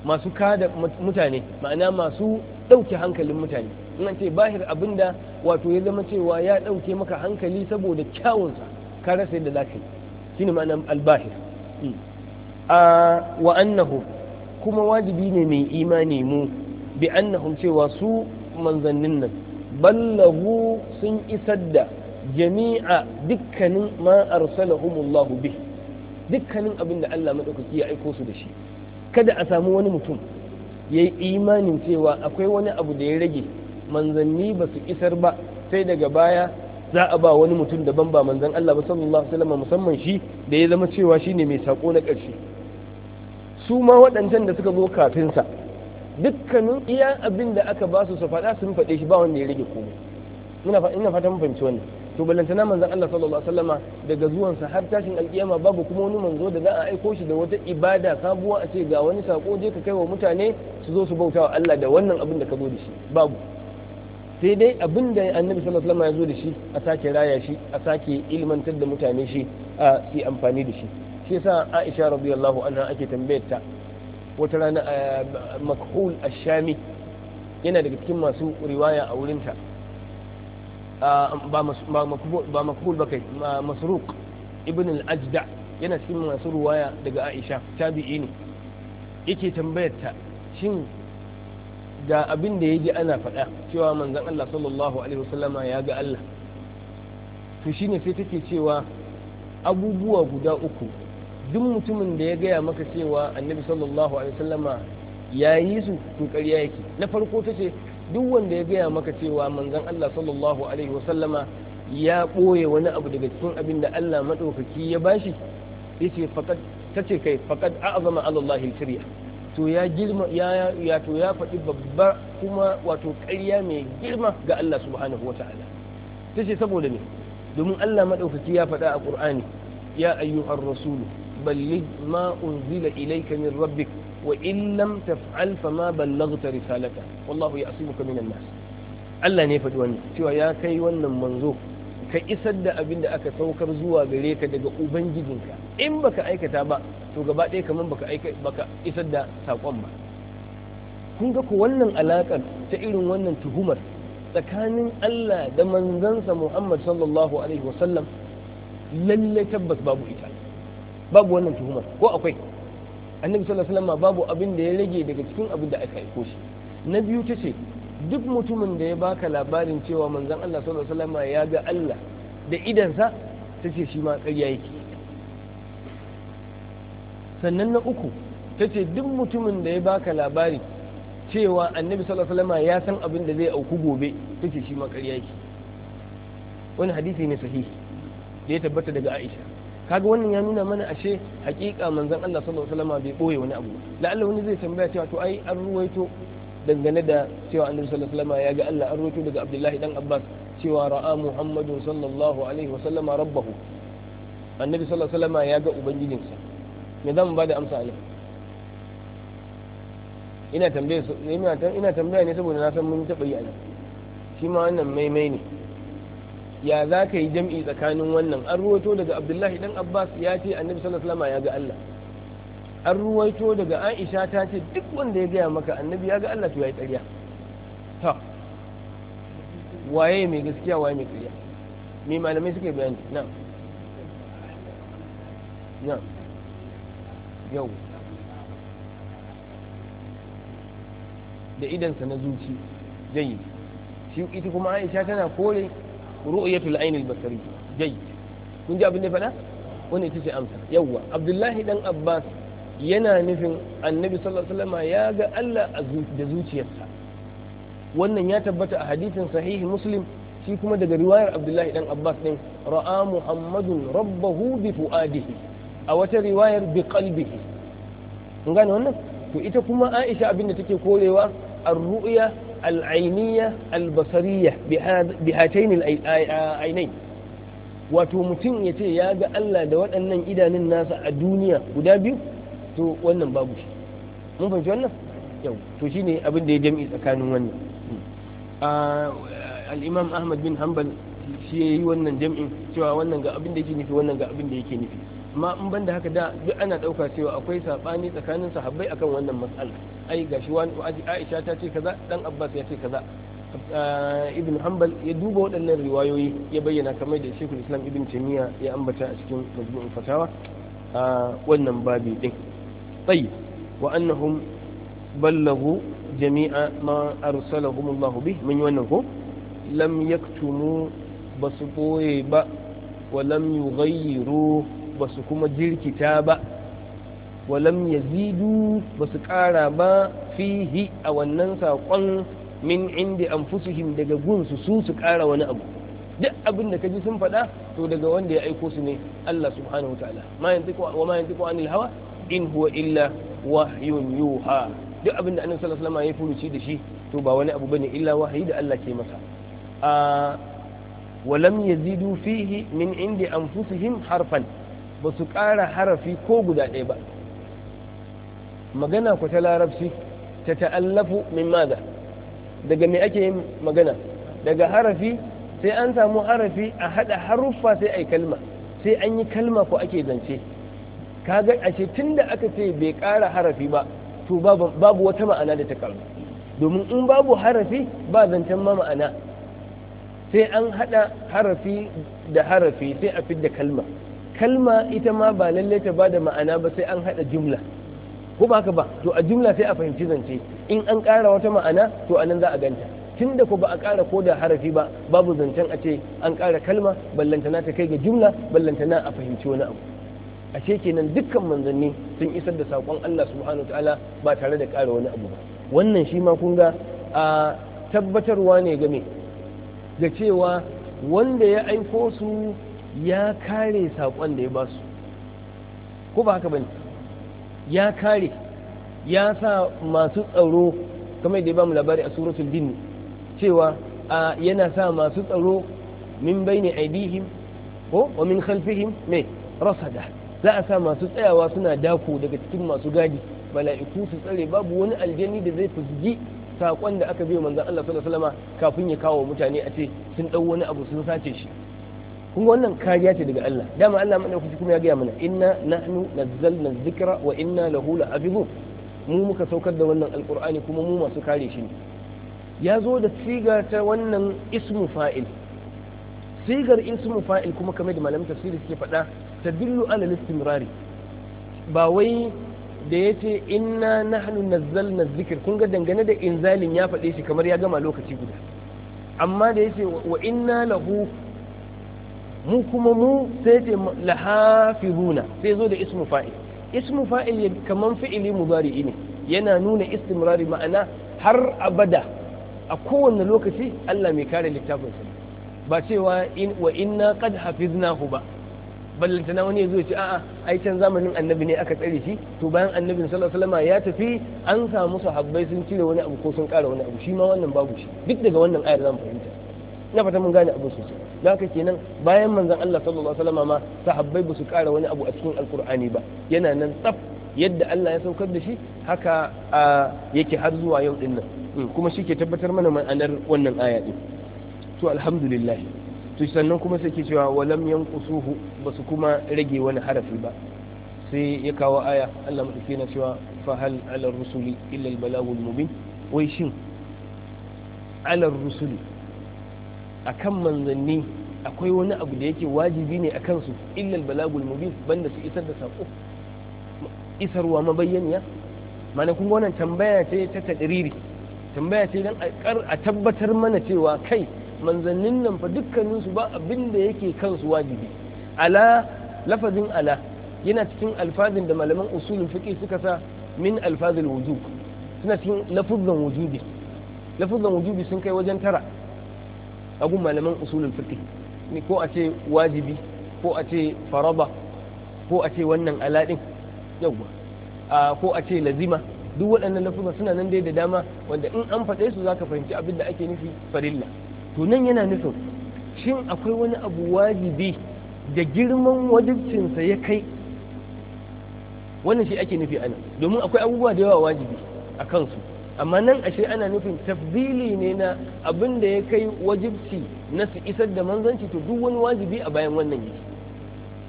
masu kada mutane ma'ana masu ɗauke hankalin mutane Ina ce bahir abinda wato ya zama cewa ya ɗauke maka hankali saboda kyawunsa ka rasa yadda za ka yi shine ma'ana albahir hmm. wa annahu kuma wajibi ne mai imani mu bi annahum cewa su manzannin nan ballahu sun isar da jami'a dukkanin ma arsalahumullahu bih dukkanin abin da Allah maɗaukaki ya aiko su da shi kada a samu wani mutum ya yi imanin cewa akwai wani abu da ya rage manzanni ba su isar ba sai daga baya za a ba wani mutum daban ba manzan Allah ba sallallahu alaihi wasallam musamman shi da ya zama cewa shi ne mai sako na ƙarshe su ma waɗancan da suka zo kafin sa dukkanin iya abin da aka ba su su faɗa sun faɗe shi ba wanda ya rage komai ina fatan mun fahimci wannan to balantana manzon Allah sallallahu alaihi wasallama daga zuwansa har tashin alkiyama babu kuma wani manzo da za a aiko shi da wata ibada sabuwa a ce ga wani sako je ka wa mutane su zo su bauta wa Allah da wannan abin da ka zo da shi babu sai dai abin da annabi sallallahu alaihi wasallama ya zo da shi a sake raya shi a sake ilmantar da mutane shi a yi amfani da shi shi yasa Aisha radiyallahu anha ake tambayar ta wata rana eh, makhul ash-shami yana daga cikin masu riwaya a wurinta ba makubul ba kai masruq ibn al-ajda yana cikin masu ruwaya daga aisha tabi'i ne yake tambayar ta shin da abin da yaji ana faɗa cewa manzon Allah sallallahu alaihi wasallama ya ga Allah to shine sai take cewa abubuwa guda uku duk mutumin da ya gaya maka cewa annabi sallallahu alaihi wasallama ya yi su to ƙarya yake na farko ta ce duk wanda ya gaya maka cewa manzon Allah sallallahu alaihi wasallama ya ɓoye wani abu daga cikin abin da Allah maɗaukaki ya bashi yace faqad tace kai faqad a'zama Allah al to ya girma ya to ya faɗi babba kuma wato ƙarya mai girma ga Allah subhanahu wata'ala tace saboda ne domin Allah maɗaukaki ya faɗa a Qur'ani ya ayyuhar rasulu balligh ma unzila ilai min rabbik wa in lam alfama fama ballaghta risalata wallahu ya'simuka minan Allah ne faɗi wani cewa ya kai wannan manzo ka isar da abin da aka saukar zuwa gare ka daga ubangijinka in baka aikata ba to gaba ɗaya kamar baka baka isar da saƙon ba kun ga ku wannan alaƙar ta irin wannan tuhumar tsakanin Allah da manzansa Muhammad sallallahu alaihi wasallam lalle tabbas babu ita babu wannan tuhumar ko akwai annabi sallallahu alaihi wasallam babu abin da ya rage daga cikin abin da aka aiko shi na biyu ta ce duk mutumin da ya baka labarin cewa manzon Allah sallallahu alaihi wasallam ya ga Allah da idansa ta ce shi ma ƙarya yake sannan na uku ta ce duk mutumin da ya baka labari cewa annabi sallallahu alaihi wasallam ya san abin da zai auku gobe ta ce shi ma ƙarya yake wani hadisi ne sahihi da ya tabbata daga Aisha kaga wannan ya nuna mana ashe hakika manzon Allah sallallahu alaihi wasallam bai boye wani abu la'alla wani zai tambaya cewa to ai an ruwaito dangane da cewa annabi sallallahu alaihi wasallam ya ga Allah an ruwaito daga Abdullahi dan Abbas cewa ra'a Muhammadun sallallahu alaihi wasallam rabbahu annabi sallallahu alaihi wasallam ya ga ubangijinsa me zan ba da amsa a ina tambaya ina tambaya ne saboda na san mun taba yi a nan shi ma wannan maimai ne ya za ka yi jam'i tsakanin wannan an ruwaito daga abdullahi dan abbas ya ce annabi sallallahu alaihi ya ga allah an ruwaito daga aisha ta ce duk wanda ya gaya maka annabi ya ga allah to ya yi ƙarya ta waye mai gaskiya waye mai ƙarya me malamai suke bayani na na yau da idansa na zuci zai shi ita kuma aisha tana kore ru'yatul ainil basari jai kun ji abin da faɗa wani ita ce amsa yawwa abdullahi dan abbas yana nufin annabi sallallahu alaihi ya ga Allah da zuciyarsa wannan ya tabbata a hadisin sahihi muslim shi kuma daga riwayar abdullahi dan abbas din ra'a muhammadun rabbahu bi fuadihi a wata riwayar bi qalbihi kun gane wannan to ita kuma aisha abin da take korewa ar-ru'ya العينية albasariya بهاتين العينين wato mutum ya ce ya ga Allah da waɗannan idanun nasa a duniya guda biyu to wannan babu shi mun fahimci wannan yau to ne abin da ya jami tsakanin wannan al'imam ahmad bin hanbal shi ya yi wannan jam'in cewa wannan ga abin da yake nufi wannan ga abin da yake nufi amma in ban da haka da duk ana ɗauka cewa akwai saɓani tsakanin sahabbai akan wannan matsala ai gashi wani aisha ta ce kaza dan abbas ya ce kaza ah, ibn hanbal ya duba waɗannan riwayoyi ya bayyana kamar da shekul islam ibn taymiya ya ambata a cikin majmu'in fatawa a ah, wannan babi din tsayi wa annahum ballahu jami'a ma arsalahum Allah bi mun yi wannan ko lam yaktumu basu boye ba wa lam yughayyiru ba su kuma jirkita ba walam yazidu ba su kara ba fihi a wannan saƙon min inda anfusihim daga gunsu su su kara wani abu duk abin da kaji sun faɗa to daga wanda ya aiko su ne Allah subhanahu wataala ma yantiqu wa ma yantiqu anil hawa in huwa illa wahyun yuha duk abin da annabi sallallahu alaihi wasallam ya furuci da shi to ba wani abu bane illa wahayi da Allah ke masa a walam yazidu fihi min indi anfusihim harfan ba su ƙara harafi ko guda ɗaya ba magana ku ta larabci ta ta'allafu min maza daga me ake yin magana daga harafi sai an samu harafi a haɗa haruffa sai a yi kalma sai an yi kalma ko ake zance kaga ashe tun da aka ce bai ƙara harafi ba to babu wata ma'ana da ta ƙaru domin in babu harafi ba zancen ma ma'ana sai an haɗa harafi da harafi sai a fidda kalma kalma ita ma ba lalle ta ba da ma'ana ba sai an haɗa jumla ko ba ka ba to a jumla sai a fahimci zance in an ƙara wata ma'ana to a nan za a ganta tun da ku ba a ƙara ko da harafi ba babu zancen a ce an ƙara kalma ballantana ta kai ga jumla ballantana a fahimci wani abu ashe kenan dukkan manzanni sun isar da saƙon Allah subhanahu ta'ala ba tare da ƙara wani abu ba wannan shi ma kun ga a tabbatarwa ne game da cewa wanda ya aiko su ya kare saƙon da ya ba su ko ba haka ba ya kare ya sa masu tsaro kamar da ya ba mu labari a suratul din cewa yana sa masu tsaro min ne aidihim ko wa min khalfihim me rasada za a sa masu tsayawa suna dako daga cikin masu gadi bala'iku su tsare babu wani aljani da zai fusgi saƙon da aka biyo manzan Allah sallallahu alaihi kafin ya kawo mutane a ce sun ɗau wani abu sun sace shi kun wannan kariya ce daga Allah dama Allah mana kuci kuma ya gaya mana inna nahnu nazzalna dhikra wa inna lahu la'afizun mu muka saukar da wannan alqur'ani kuma mu masu kare shi ne ya zo da siga ta wannan ismu fa'il sigar ismu fa'il kuma kamar da malamin tafsiri suke faɗa tadullu ala istimrari ba wai da ya ce inna nahnu nazzalna dhikr kun ga dangane da inzalin ya faɗe shi kamar ya gama lokaci guda amma da ya ce wa inna lahu mu kuma mu sai ce lahafizuna sai zo da ismu fa'il ismu fa'il kaman fi'ili mudari'i ne yana nuna istimrari ma'ana har abada a kowane lokaci Allah mai kare littafin sa ba cewa in wa inna qad hafiznahu ba ballantana wani yazo ce a'a ai can zamanin annabi ne aka tsare shi to bayan annabin sallallahu alaihi wasallam ya tafi an samu sahabbai sun cire wani abu ko sun kara wani abu shi ma wannan babu shi duk daga wannan ayar zamu fahimta ina fata mun gane abin sosai don haka kenan bayan manzon Allah sallallahu alaihi wasallam ma sahabbai ba su kara wani abu a cikin alkur'ani ba yana nan tsaf yadda Allah ya saukar da shi haka yake har zuwa yau din nan hmm, kuma shi ke tabbatar mana ma'anar wannan aya din to alhamdulillah to sannan kuma sai ke cewa walam yanqusuhu ba su kuma rage wani harafi ba sai ya kawo aya Allah madauki na cewa fa hal ala rusuli illa al balagul mubin wai shin ala rusuli akan manzanni akwai wani abu da yake wajibi ne a kansu illal balagul mubin banda su isar da sako isarwa mabayyaniya mana kuma wannan tambaya ce ta tadiriri tambaya ce don a tabbatar mana cewa kai manzannin nan fa dukkaninsu ba abin da yake kansu wajibi ala lafazin ala yana cikin alfazin da malaman usulun fiqh suka sa min alfazil wujub suna cikin lafuzan wujubi lafuzan wujubi sun kai wajen tara agun malaman usulun fiqh ni ko a ce wajibi ko a ce faraba ko a ce wannan aladin yawwa ko a ce lazima duk waɗannan lafuza suna nan dai da dama wanda in an faɗe su zaka fahimci abin da ake nufi farilla to nan yana nufin shin akwai wani abu wajibi da girman wajibcinsa ya kai wannan shi ake nufi a nan domin akwai abubuwa da yawa wajibi a kansu amma nan ashe ana nufin tafdili ne na abin da ya kai wajibci na su isar da manzanci to duk wani wajibi a bayan wannan yake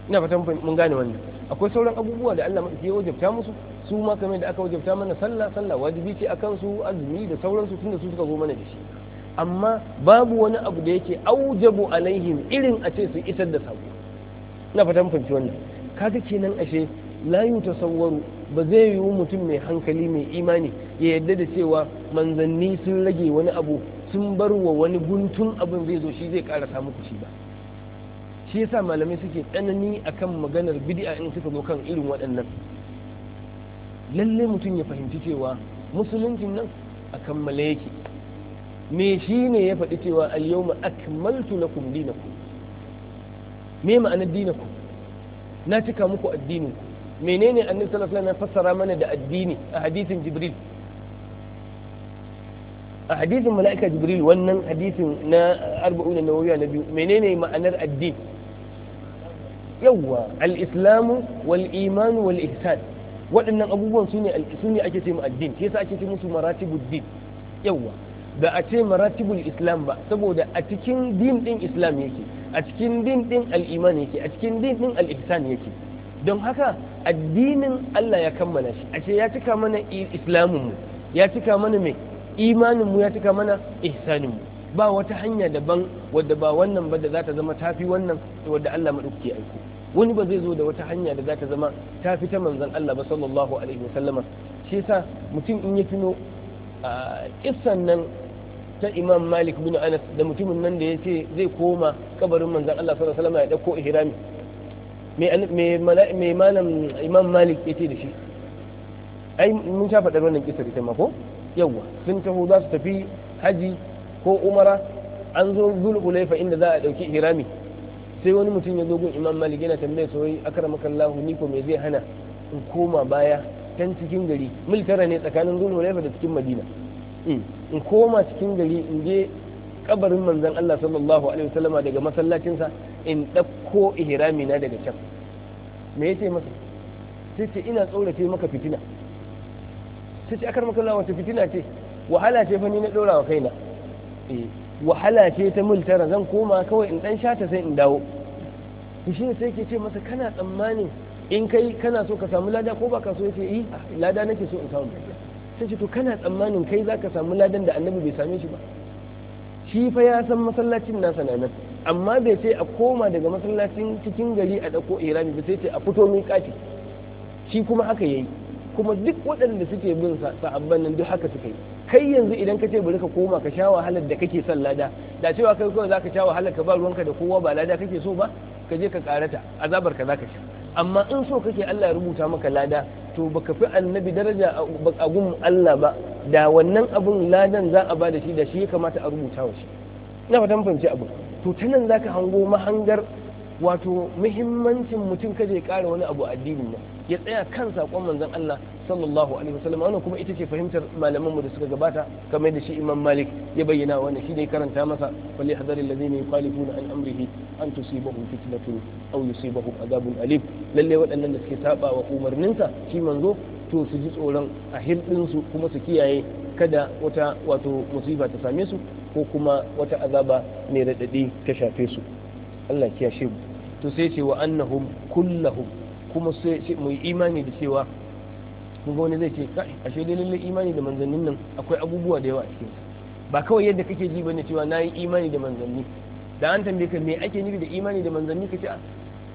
ina fatan mun gane wannan akwai sauran abubuwa da Allah ya wajabta musu su ma kamar da aka wajabta mana sallah sallah wajibi ce akan su azumi da sauransu tunda su suka zo mana da shi amma babu wani abu da yake aujabu alaihim irin a ce su isar da sako ina fatan fahimci wannan kaga kenan ashe la yutasawwaru ba zai yiwu mutum mai hankali mai imani ya yarda da cewa manzanni sun rage wani abu sun bar wa wani guntun abin zai zo shi zai karasa samu shi ba shi yasa malamai suke tsanani akan maganar bid'a in suka zo kan irin waɗannan lalle mutum ya fahimci cewa musuluncin nan a kammale yake me shi ne ya faɗi cewa alyawma akmaltu lakum dinakum me ma'anar dinakum na cika muku addinin ku menene annabi sallallahu alaihi wasallam fassara mana da addini a hadisin jibril a hadisin mala'ika jibril wannan hadisin na arba'un nawawiya na biyu menene ma'anar addini yawwa al-islamu wal iman wal ihsan waɗannan abubuwan su ne su ne ake ce mu addini shi yasa ake ce musu maratibud din yawwa da a ce maratibul islam ba saboda a cikin din din islam yake a cikin din din al-iman yake a cikin din din al-ihsan yake don haka addinin Allah ya kammala shi ashe ya cika mana islamin mu ya cika mana mai imanin mu ya cika mana ihsanin mu ba wata hanya daban wadda ba wannan ba da za ta zama tafi wannan wadda Allah madauki aiko wani ba zai zo da wata hanya da za ta zama tafi ta manzon Allah ba sallallahu alaihi wasallam shi yasa mutum in ya tuno kissan nan ta imam malik bin anas da mutumin nan da ya ce zai koma kabarin manzon Allah sallallahu alaihi wasallam ya dauko ihrami mai malam imam malik ya ce da shi ai mun sha faɗar wannan kisar ita ma ko yawwa sun taho za su tafi haji ko umara an zo zulhulaifa inda za a ɗauki hirami sai wani mutum ya zo gun imam malik yana tambaya sai akramakallahu ni ko me zai hana in koma baya can cikin gari mil tara ne tsakanin zulhulaifa da cikin madina hmm, in koma cikin gari in je kabarin manzon Allah sallallahu alaihi wasallama daga masallacinsa in ɗauko ihrami na daga can me yace masa sai ce ina tsorace maka fitina sai ce akar maka wata fitina ce wahala ce fa ni na dora wa kaina eh wahala ce ta mil tara zan koma kawai in dan shata sai in dawo shi ne sai ke ce masa kana tsammanin in kai kana so ka samu lada ko ba ka so yace eh lada nake so in samu sai ce to kana tsammanin kai zaka samu ladan da annabi bai same shi ba shi fa ya san masallacin nasa na nan amma bai ce a koma daga masallacin cikin gari a dauko irami ba sai ce a fito mai kati shi kuma haka yayi kuma duk waɗanda suke bin sa'abban nan duk haka suka yi kai yanzu idan ka ce bari ka koma ka sha wahalar da kake son lada da cewa kai kawai za ka sha wahalar ka ba ruwanka da kowa ba lada kake so ba ka je ka karata azabar ka za ka sha amma in so kake Allah ya rubuta maka lada to baka fi annabi daraja a gun Allah ba da wannan abun ladan za a bada shi da shi ya kamata a rubuta wa shi na fatan fanci abu to ta nan zaka hango mahangar wato muhimmancin mutum kaje ya kara wani abu addinin nan ya tsaya kan sakon manzon Allah sallallahu alaihi wasallam wannan kuma ita ce fahimtar malaman mu da suka gabata kamar da shi Imam Malik ya bayyana wannan shi ne karanta masa wali hadaril ladina yukhalifuna an amrihi an tusibahum fitnatun aw yusibahum adabun alim lalle waɗannan da suke saba wa umarninsa shi manzo to su ji tsoron a hirɗinsu kuma su kiyaye kada wata wato musiba ta same su ko kuma wata azaba ne raɗaɗi ta shafe su Allah kiyashe mu to sai ce wa annahum kullahum kuma sai mu yi imani da cewa ga wani zai ce kai ashe dai lalle imani da manzannin nan akwai abubuwa da yawa a cikin ba kawai yadda kake ji bane cewa nayi imani da manzanni da an tambaye ka me ake nufi da imani da manzanni kace ah,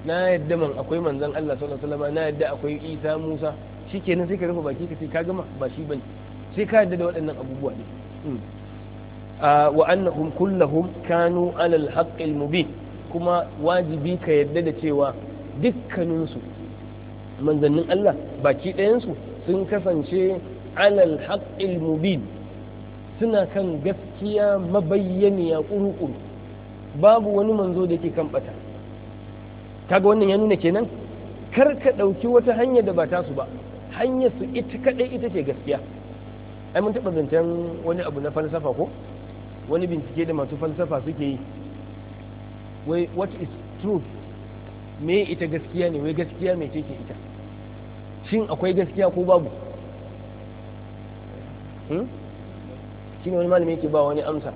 na yadda man akwai manzan Allah sallallahu alaihi wasallam na yadda akwai Isa Musa shikenan sai ka rufe baki ka ce ka gama ba shi bane sai ka yadda da waɗannan abubuwa ne hmm. wa annahum kulluhum kanu alal haqqil mubin kuma wajibi ka yadda da cewa dukkaninsu manzannin Allah baki ɗayansu sun kasance alal haƙƙil mubin suna kan gaskiya mabayyaniya ƙuruƙuru babu wani manzo da ke kan ɓata kaga wannan ya nuna kenan kar ka ɗauki wata hanya da ba ta su ba hanyar su ita kaɗai ita ce gaskiya ai mun taɓa zancen wani abu na falsafa ko wani bincike da masu falsafa suke yi wai what is truth me ita gaskiya ne wai gaskiya mai ce ita shin akwai gaskiya ko babu hmm? shi ne wani malami yake ba wani amsa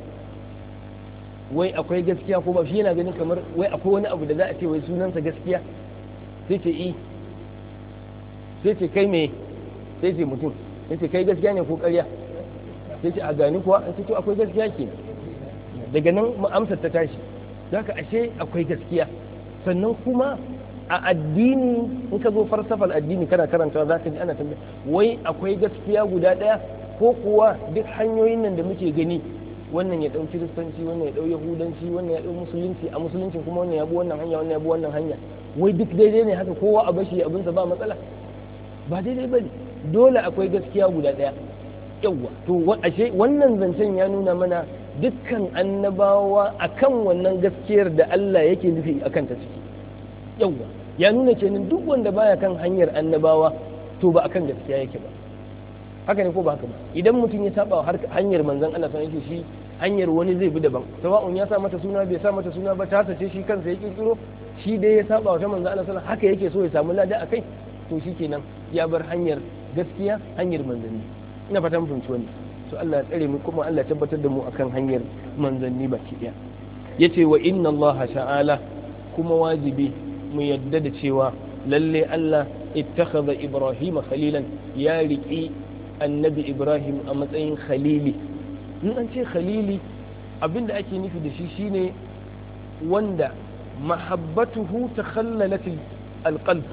wai akwai gaskiya ko babu shi yana ganin kamar wai akwai wani abu da za a ce wai sunansa gaskiya sai ce i sai ce kai me sai ce mutum sai ce kai gaskiya ne ko karya sai ce a gani kuwa sai ce akwai gaskiya ke daga nan amsar ta tashi za ka ashe akwai gaskiya sannan kuma a addini in ka zo farsafar addini kana karantawa za ka ji ana tambaya wai akwai gaskiya guda ɗaya ko kuwa duk hanyoyin nan da muke gani wannan ya ɗau kiristanci wannan ya ɗau yahudanci wannan ya ɗau musulunci a musulunci kuma wannan ya bi wannan hanya wannan ya bi wannan hanya wai duk daidai ne haka kowa a bashi abinsa ba matsala ba daidai ba ne dole akwai gaskiya guda ɗaya yawwa to ashe wannan zancen ya nuna mana dukkan annabawa a kan wannan gaskiyar da Allah yake nufi a ta ciki yauwa ya nuna kenan duk wanda baya kan hanyar annabawa to ba akan gaskiya yake ba haka ne ko ba haka ba idan mutum ya saba hanyar manzon Allah sai yake shi hanyar wani zai bi daban sawa'un ya sa mata suna bai sa mata suna ba ta sace shi kansa ya kirkiro shi dai ya saba wata manzon Allah sallallahu haka yake so ya samu lada akai to shikenan ya bar hanyar gaskiya hanyar manzanni ina fatan fahimci wannan to Allah ya tsare mu kuma Allah ya tabbatar da mu akan hanyar manzanni baki daya yace wa inna Allah ta'ala kuma wajibi mu yadda da cewa lalle Allah ittakhadha Ibrahim khalilan ya riki annabi Ibrahim a matsayin khalili in an ce khalili abinda ake nufi da shi shine wanda mahabbatuhu takhallalat alqalb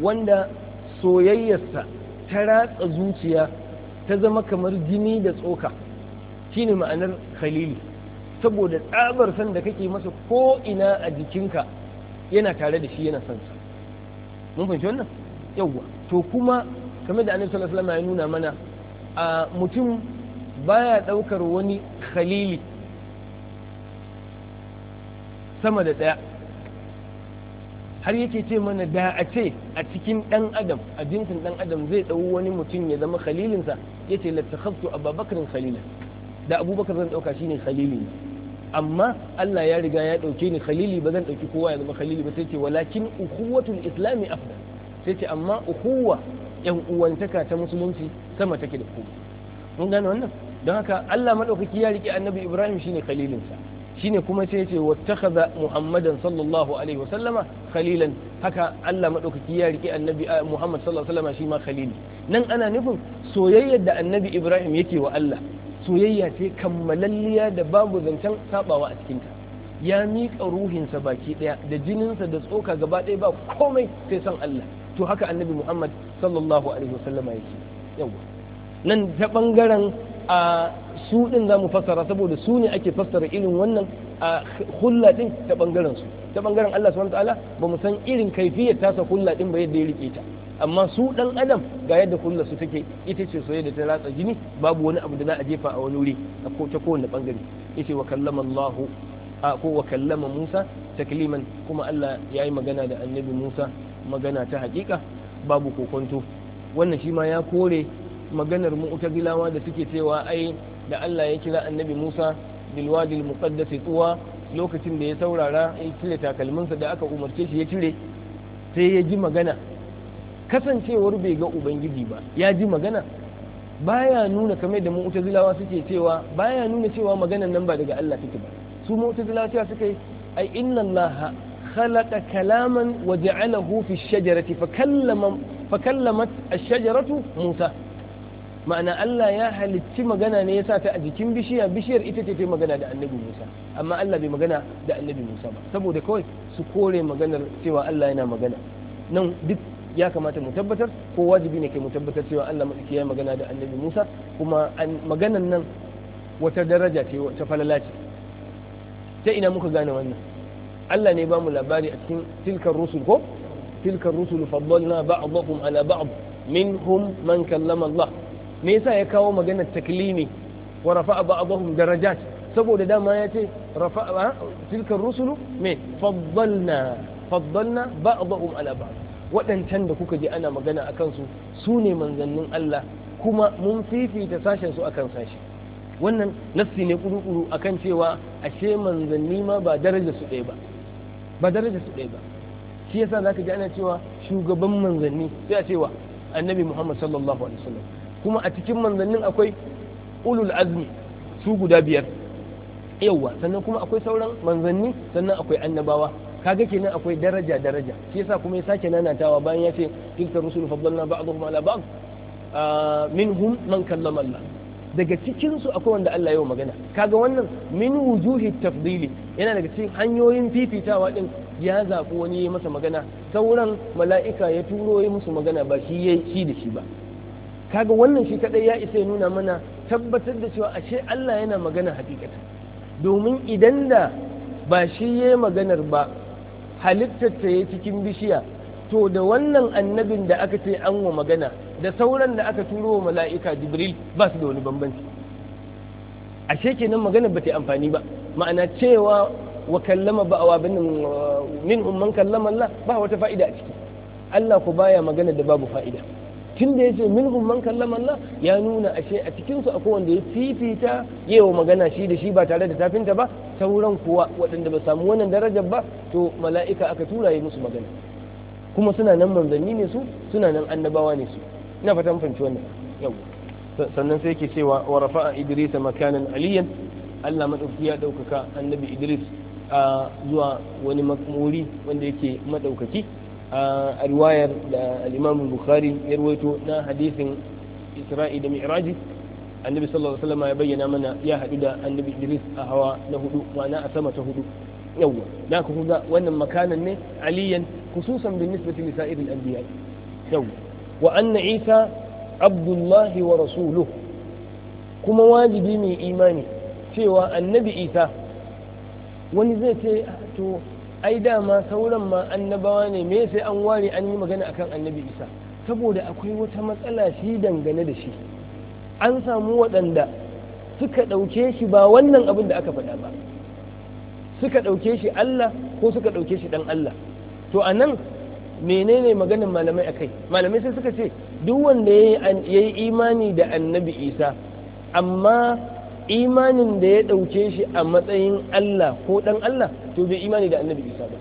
wanda soyayyarsa ta ratsa zuciya ta zama kamar jini da tsoka shine ma'anar khalili saboda tsabar san da kake masa ko ina a jikinka yana tare da shi yana son sa mun fahimci wannan yawwa to kuma kamar da annabi sallallahu alaihi ya nuna mana a mutum baya daukar wani khalili sama da daya har yake ce mana da a ce a cikin dan adam a jinsin dan adam zai dau wani mutum ya zama khalilinsa yace la takhaftu ababakrin khalila da abubakar zan dauka shine khalili amma Allah ya riga ya dauke ni khalili ba zan dauki kowa ya zama khalili ba sai ce walakin ukhuwatul islami afda, sai ce amma ukhuwa yan uwantaka ta musulunci sama take da ku mun gane wannan don haka Allah madaukaki ya rike annabi Ibrahim shine khalilinsa shine kuma sai ce wattakhadha muhammadan sallallahu alaihi wasallama khalilan haka Allah madaukaki ya rike annabi muhammad sallallahu alaihi wasallama shi ma khalili nan ana nufin soyayyar da annabi ibrahim yake wa Allah soyayya ce kammalalliya da babu zancen sabawa a cikinta ya miƙa ruhinsa baki ɗaya da jininsa da tsoka gaba ɗaya ba komai sai san Allah to haka annabi Muhammad sallallahu alaihi wasallama yake yawa nan ta bangaren a su din za mu fassara saboda su ne ake fassara irin wannan a hulla din ta bangaren su ta bangaren Allah subhanahu wataala ba mu san irin kaifiyar tasa hulla din ba yadda ya rike ta amma su dan adam ga yadda hulla su take ita ce soyayya da ta ratsa jini babu wani abu da za a jefa a wani wuri a ko ta kowane bangare yace wa kallama Allah ko wa kallama Musa takliman kuma Allah ya yi magana da annabi Musa magana ta hakika babu kokonto wannan shi ma ya kore maganar gilawa da suke cewa ai da Allah ya kira annabi Musa bilwadi al-muqaddas tuwa lokacin da ya saurara ya cire takalminsa da aka umarce shi ya cire sai ya ji magana kasancewar bai ga ubangiji ba ya ji magana baya nuna kamar da mu'tazilawa suke cewa baya nuna cewa maganan nan ba daga Allah take ba su mu'tazilawa cewa suka yi ai inna Allah khalaqa kalaman wa ja'alahu fi shajarati fa kallamat ash-shajaratu Musa ma'ana Allah ya halicci magana ne ya sa ta a jikin bishiya bishiyar ita ce ta magana da annabi Musa amma Allah bai magana da annabi Musa ba saboda kawai su kore maganar cewa Allah yana magana nan duk ya kamata mu tabbatar ko wajibi ne kai mu tabbatar cewa Allah madaki ya magana da annabi Musa kuma maganar nan wata daraja ce wata falala ce ta ina muka gane wannan Allah ne ba mu labari a cikin tilkar rusul ko tilkar rusul faddalna ba'dhum ala ba'd minhum man kallama Allah me yasa ya kawo magana taklimi wa rafa'a ba'dahum darajat saboda dama ya ce rafa'a tilka rusulu me faddalna faddalna ba'dahum ala ba'd waɗancan da kuka ji ana magana a kansu su ne manzannin Allah kuma mun fifita sashen su akan sashi wannan nassi ne kuru-kuru akan cewa ashe manzanni ma ba daraja su ɗaya ba ba daraja su ɗaya ba shi yasa zaka ji ana cewa shugaban manzanni sai a cewa annabi Muhammad sallallahu alaihi wasallam kuma a cikin manzannin akwai ulul azmi su guda biyar yauwa sannan kuma akwai sauran manzanni sannan akwai annabawa kaga kenan akwai daraja daraja shi yasa kuma ya sake nanatawa bayan ya ce tilka rusul faddalna ba'dhum ala ba'd ah, minhum man kallama Allah daga cikin su akwai wanda Allah yau magana kaga wannan min wujuhi tafdili yana daga cikin hanyoyin fifitawa din ya zaɓi wani ya masa magana sauran mala'ika ya turo ya musu magana ba shi ya shi da shi ba kaga wannan shi kadai ya isa ya nuna mana tabbatar da cewa ashe Allah yana magana hakikata domin idan da ba shi ya yi maganar ba halittar ta yi cikin bishiya to da wannan annabin da aka ce an wa magana da sauran da aka turo wa mala'ika jibril ba su da wani bambanci ashe kenan magana ba ta amfani ba ma'ana cewa wa kallama ba awa bin min umman kallama Allah ba wata fa'ida a ciki Allah ku baya magana da babu fa'ida tun da ya ce minhum man kallama Allah ya nuna ashe a cikinsu su akwai wanda ya fifita yawa magana shi da shi ba tare da tafinta ba sauran kuwa waɗanda ba samu wannan darajar ba to mala'ika aka tura yi musu magana kuma suna nan manzanni ne su suna nan annabawa ne su ina fatan fahimci wannan yau sannan sai yake cewa wa rafa'a idris makanan aliyan Allah madauki ya ɗaukaka annabi idris a zuwa wani wuri wanda yake madaukaki a riwayar da al Bukhari ya rawaito na hadisin Isra'i da Mi'raji annabi sallallahu alaihi ya bayyana mana ya haɗu da annabi Idris a hawa na hudu ma'ana a sama ta hudu yawwa da ku ga wannan makanan ne aliyan khususan bin nisbati li anbiya yawwa wa anna Isa abdullahi wa rasuluhu kuma wajibi mai imani cewa annabi Isa wani zai ce to ai dama sauran ma annabawa ne me sai an ware an yi magana akan annabi isa saboda akwai wata matsala shi dangane da shi an samu waɗanda suka ɗauke shi ba wannan abin da aka faɗa ba suka ɗauke shi Allah ko suka ɗauke shi ɗan Allah to a nan menene maganin malamai a kai malamai sai suka ce duk wanda ya yi imani da annabi isa amma imanin da ya ɗauke shi a matsayin Allah ko ɗan Allah to bai imani da annabi Isa ba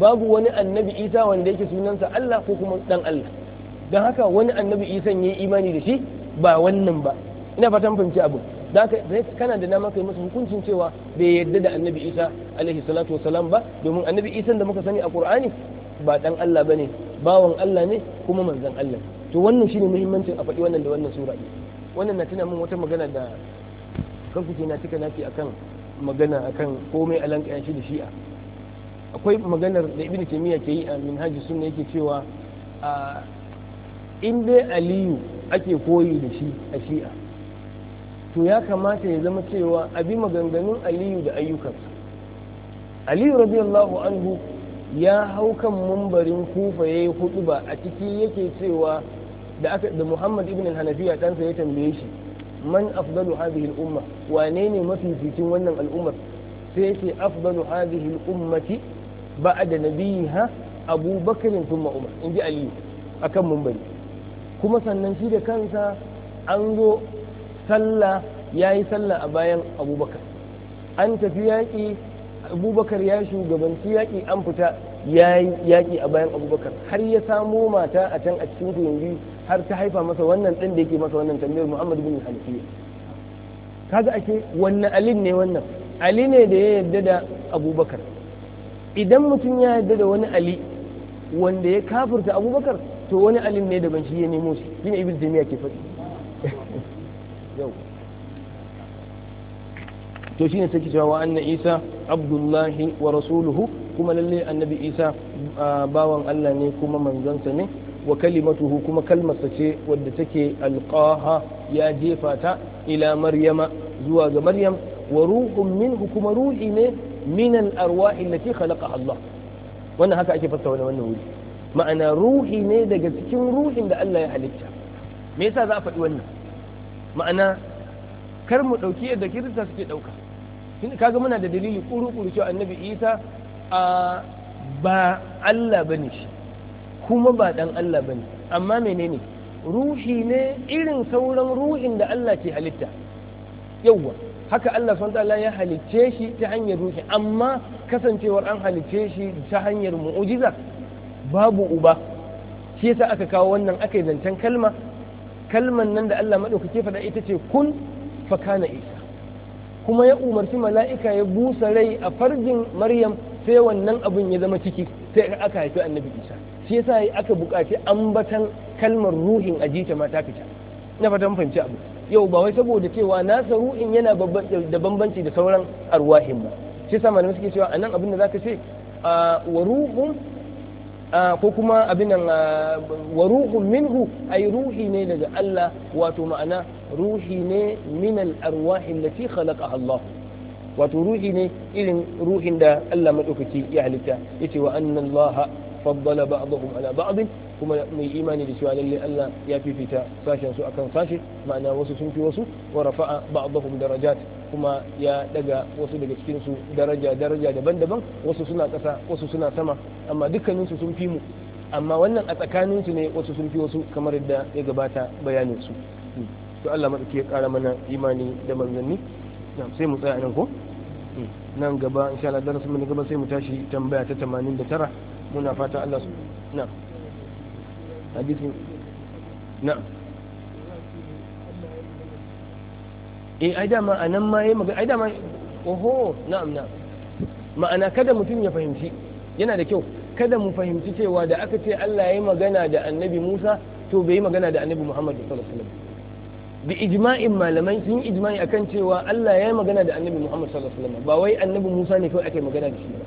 babu wani annabi Isa wanda yake sunansa Allah ko kuma ɗan Allah don haka wani annabi Isa ya yi imani da shi ba wannan ba ina fatan fahimci abu da kana da nama kai masa hukuncin cewa bai yarda da annabi Isa alaihi salatu wasalam ba domin annabi Isa da muka sani a Qur'ani ba ɗan Allah bane bawan Allah ne kuma manzon Allah to wannan shine muhimmancin a faɗi wannan da wannan sura wannan na tuna min wata magana da kan kuke na cika naki akan magana akan komai a lanka shi da shi'a akwai maganar da ibn taymiya ke yi a minhaji sunna yake cewa in dai aliyu ake koyi da shi a shi'a to ya kamata ya zama cewa abi maganganun aliyu da ayyukansa aliyu radiyallahu anhu ya hau kan mumbarin kufa ya yi ba a ciki yake cewa da muhammad ibn hanafiya ɗansa ya tambaye shi man afdalu hadhihi al-umma wanene ne mafificin wannan al'ummar sai yace afdalu hadhihi al-ummati ba'da nabiha Abu Bakr thumma Umar inji Ali akan mumbari kuma sannan shi da kansa an zo sallah yayi sallah a bayan Abu an tafi yaƙi Abu ya shugabanci yaƙi an fita yayi yaƙi a bayan abubakar har ya samo mata a can a cikin yanzu har ta haifa masa wannan ɗan da yake masa wannan tambayar muhammad bin Hanifi kaga ake wannan alin ne wannan ali ne da ya yarda da abubakar idan mutum ya yarda da wani ali wanda ya kafirta abubakar to wani alin ne da ban shi ya nemo shi shine ibn taymiya ke faɗi yau to shine take cewa wa anna isa abdullahi wa rasuluhu kuma lalle annabi isa bawan allah ne kuma sa ne wa kalimatuhu kuma kalmarsa ce wadda take alqaha ya jefa ta ila maryama zuwa ga maryam wa ruhun min kuma ruhi ne min al-arwah allati khalaqaha Allah wannan haka ake fassara wannan wuri ma'ana ruhi ne daga cikin ruhin da Allah ya halitta me yasa za a faɗi wannan ma'ana kar mu ɗauki yadda kirista suke ɗauka tun kaga muna da dalili kuru-kuru cewa annabi isa a ba Allah bane shi kuma ba dan Allah bane amma menene ruhi ne irin sauran ruhin da Allah ke halitta yawwa haka Allah subhanahu ya halicce shi ta hanyar ruhi amma kasancewar an halicce shi ta hanyar mu'ujiza babu uba shi yasa aka kawo wannan aka yi zancen kalma kalman nan da Allah madaukake faɗa ita ce kun fakana isa kuma ya umarci mala'ika ya busa rai a farjin maryam sai wannan abun ya zama ciki sai aka haifi annabi isa shi yasa aka buƙaci ambatan kalmar ruhin ajita mata mata fita na fatan fahimci abu yau ba wai saboda cewa nasa ruhin yana da bambanci da sauran arwahin ba shi yasa malamai suke cewa anan abin da zaka ce wa ruhun ko kuma abin nan wa ruhun minhu ai ruhi ne daga Allah wato ma'ana ruhi ne min al arwahin lati khalaqaha Allah wato ruhi ne irin ruhin da Allah madaukaki ya halitta yace wa anna Allah faddala ba'dhum ala ba'd kuma mai imani da cewa lalle Allah ya fifita sashen su akan sashe ma'ana wasu sun fi wasu wa rafa'a ba'dhum darajat kuma ya daga wasu daga cikin su daraja daraja daban-daban wasu suna kasa wasu suna sama amma dukkanin su sun fi mu amma wannan a tsakanin su ne wasu sun fi wasu kamar yadda ya gabata bayanin su to Allah madauki ya kara mana imani da manzanni sai mu tsaya nan ko nan gaba insha Allah darasin mu gaba sai mu tashi tambaya ta 89 muna fata Allah su na hadisin na eh ai dama a nan ma yayi magana ai dama oho na'am na'am ma'ana kada mutum ya fahimci yana da kyau kada mu fahimci cewa da aka ce Allah ya yi magana da annabi Musa to bai yi magana da annabi Muhammad sallallahu alaihi bi ijma'in malamai sun yi ijma'i akan cewa Allah ya yi magana da annabi Muhammad sallallahu alaihi ba wai annabi Musa ne kawai ake magana da shi ba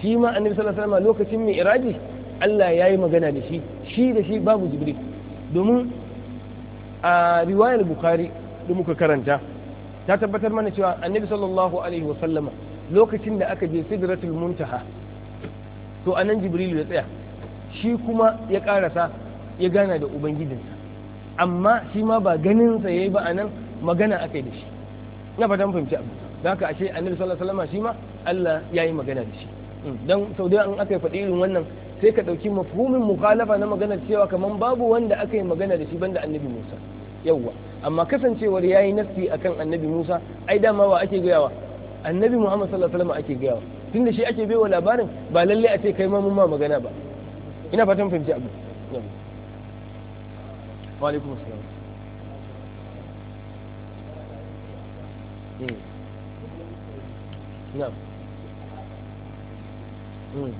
shi ma annabi sallallahu alaihi wasallam lokacin mi'raji Allah ya yi magana da shi shi da shi babu jibril domin a riwayar bukhari da muka karanta ta tabbatar mana cewa annabi sallallahu alaihi wasallam lokacin da aka je sidratul muntaha to anan jibril ya tsaya shi kuma ya karasa ya gana da ubangijinsa amma shi ma ba ganin sa yayi ba anan magana aka yi da shi na fatan fahimci abu da haka ashe annabi sallallahu alaihi wasallam shi ma Allah ya yi magana da shi don sau da an aka faɗi irin wannan sai ka ɗauki mafhumin mukhalafa na magana cewa kamar babu wanda aka yi magana da shi banda annabi musa yawwa amma kasancewar ya yi nasti akan annabi musa ai dama wa ake gayawa annabi muhammad sallallahu alaihi wasallam ake gayawa tunda shi ake baiwa labarin ba lalle a ce kai ma mun ma magana ba ina fatan fahimci abu wa alaikum assalam hmm. na'am Mm.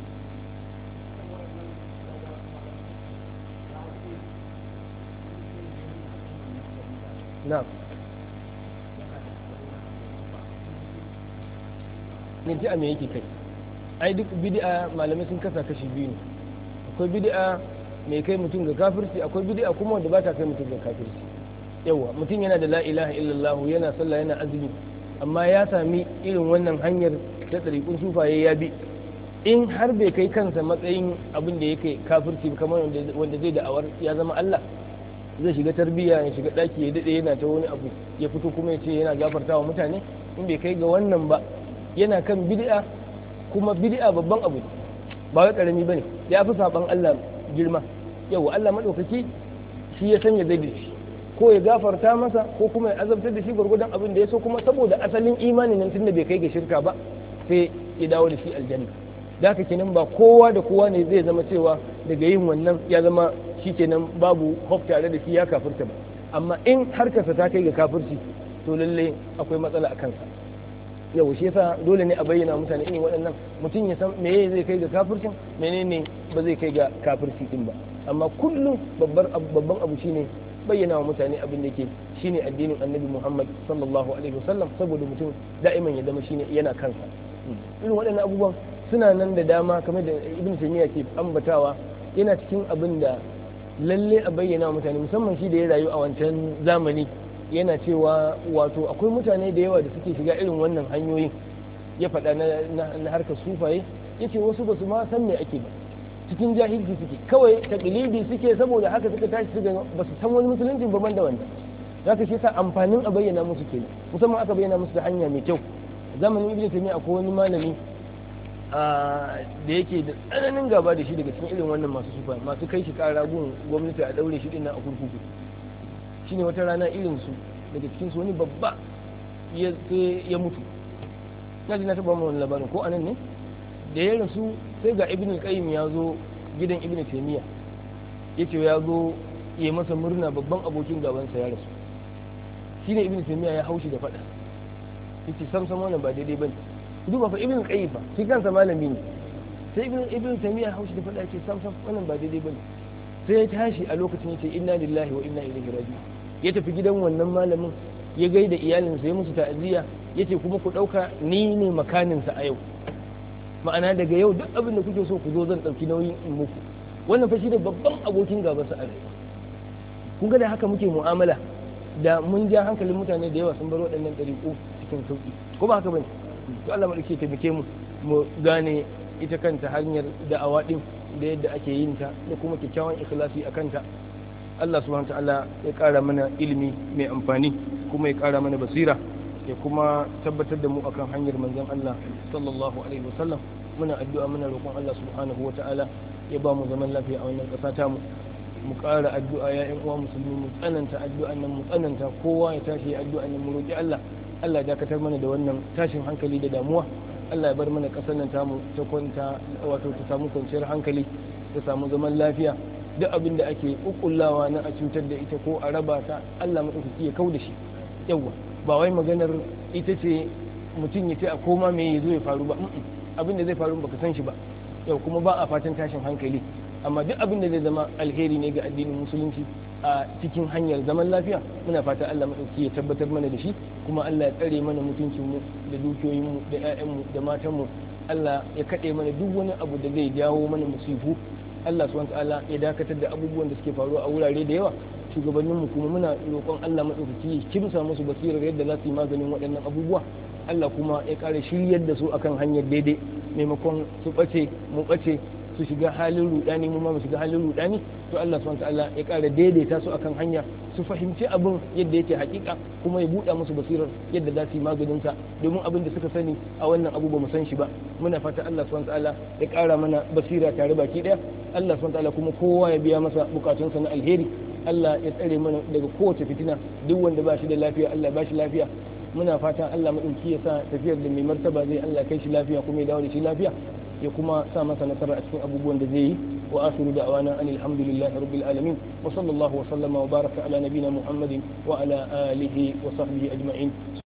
ji a me yake kai ai duk bid'a malamai sun kasa kashi biyu ne akwai bid'a mai kai mutum ga kafirci akwai bid'a kuma wanda ba ta kai mutum ga kafirci yawa mutum yana da la ilaha illallah yana sallah yana azumi amma ya sami irin wannan hanyar ta tsarikun sufaye ya bi in har bai kai kansa matsayin abin da yake kafirci kamar wanda zai da'awar ya zama Allah zai shiga tarbiyya ya shiga daki ya dade yana ta wani abu ya fito kuma ya ce yana gafartawa mutane in bai kai ga wannan ba yana kan bid'a kuma bid'a babban abu ba wai karami bane ya fi saban Allah girma yau Allah madaukaki shi ya sanya zai ko ya gafarta masa ko kuma ya azabtar da shi gwargwadon abin da ya so kuma saboda asalin imani nan tunda bai kai ga shirka ba sai ya dawo da shi aljanna da haka kenan ba kowa da kowa ne zai zama cewa daga yin wannan ya zama shi kenan babu hof tare da shi ya kafirta ba amma in harkarsa ta kai ga kafirci to lalle akwai matsala a kansa yau shi yasa dole ne a bayyana mutane irin waɗannan mutum ya san meye zai kai ga kafircin menene ba zai kai ga kafirci din ba amma kullum babban abu shine bayyana wa mutane abin da ke shine addinin annabi Muhammad sallallahu alaihi wasallam saboda mutum da'iman ya zama shine yana kansa irin waɗannan abubuwan suna nan da dama kamar da ibn taymiya ke ambatawa yana cikin abin da lalle a bayyana wa mutane musamman shi da ya rayu a wancan zamani yana cewa wato akwai mutane da yawa da suke shiga irin wannan hanyoyin ya faɗa na harkar sufaye ce wasu ba su ma san me ake ba cikin jahilci suke kawai taqlidi suke saboda haka suka tashi suka ba su san wani musulunci ba da wanda zaka shi sa amfanin a bayyana musu kenan musamman aka bayyana musu da hanya mai kyau zamanin ibnu taymiya akwai wani malami da yake da tsananin gaba da shi daga cikin irin wannan masu sufa masu kai shi kara gun gwamnati a daure shi din a kurkuku shine wata rana irin su daga cikin su wani babba ya mutu na ji na taba mu labarin ko anan ne da ya rasu sai ga ibn qayyim ya zo gidan ibn taymiya yace ya zo ya masa murna babban abokin gabansa ya rasu shine ibn taymiya ya haushi da fada yace sam sam wannan ba daidai bane duba fa ibn qayyim shi kansa malami ne sai ibn ibn tamiya haushi da faɗa ce sam sam wannan ba daidai bane sai ya tashi a lokacin yace inna lillahi wa inna ilaihi raji'un ya tafi gidan wannan malamin ya gaida iyalinsa ya musu ta'aziyya yace kuma ku ɗauka ni ne makaninsa a yau ma'ana daga yau duk abin da kuke so ku zo zan dauki nauyin in muku wannan fa shi da babban abokin gaba sa kun ga da haka muke mu'amala da mun ja hankalin mutane da yawa sun bar waɗannan ɗariƙu cikin sauƙi ko ba haka bane to Allah ta taimake mu mu gane ita kanta hanyar da'awa din da yadda ake yin ta da kuma kyakkyawan ikhlasi a kanta Allah subhanahu ta'ala ya kara mana ilimi mai amfani kuma ya kara mana basira ya kuma tabbatar da mu akan hanyar manzon Allah sallallahu alaihi wasallam muna addu'a muna roƙon Allah subhanahu wa ya ba mu zaman lafiya a wannan ƙasa ta mu mu ƙara addu'a ya ƴan uwa musulmi mu tsananta addu'an nan mu tsananta kowa ya tashi addu'an nan mu roƙi Allah Allah dakatar mana da wannan tashin hankali da damuwa Allah ya bar mana kasar nan tamu ta kwanta wato ta samu kwanciyar hankali ta samu zaman lafiya duk abin da ake kukullawa na a cutar da ita ko a raba ta Allah madaukaki ya kauda shi yawa ba wai maganar ita ce mutum ya ce a koma me ya zo ya faru ba abin da zai faru baka san shi ba yau kuma ba a fatan tashin hankali amma duk abin da zai zama alheri ne ga addinin musulunci a cikin hanyar zaman lafiya muna fata Allah maɗauki ya tabbatar mana da shi kuma Allah ya tsare mana mutuncinmu da dukiyoyinmu da 'ya'yanmu da matanmu Allah ya kaɗe mana duk wani abu da zai jawo mana musifu Allah subhanahu ta'ala ya dakatar da abubuwan da suke faruwa a wurare da yawa shugabanninmu kuma muna roƙon Allah maɗaukaki ya kimsa musu basirar yadda za su yi maganin waɗannan abubuwa Allah kuma ya ƙara shiryar da su akan hanyar daidai maimakon su ɓace mu ɓace su shiga halin rudani mu ma mu shiga halin rudani to Allah subhanahu ta'ala ya kara daidaita su akan hanya su fahimci abin yadda yake hakika kuma ya buɗa musu basirar yadda za su yi maganin sa domin abin da suka sani a wannan abu ba mu san shi ba muna fata Allah subhanahu ta'ala ya kara mana basira tare baki daya Allah subhanahu ta'ala kuma kowa ya biya masa bukatunsa na alheri Allah ya tsare mana daga kowace fitina duk wanda ba shi da lafiya Allah ba shi lafiya muna fatan Allah maɗauki ya sa tafiyar da mai martaba zai Allah kai shi lafiya kuma ya dawo da shi lafiya ya kuma sa masa nasara a cikin abubuwan da zai yi wa asiru da awana an alhamdulillahi rabbil alamin wa sallallahu wa sallama wa baraka ala nabina muhammadin wa ala alihi wa sahbihi ajma'in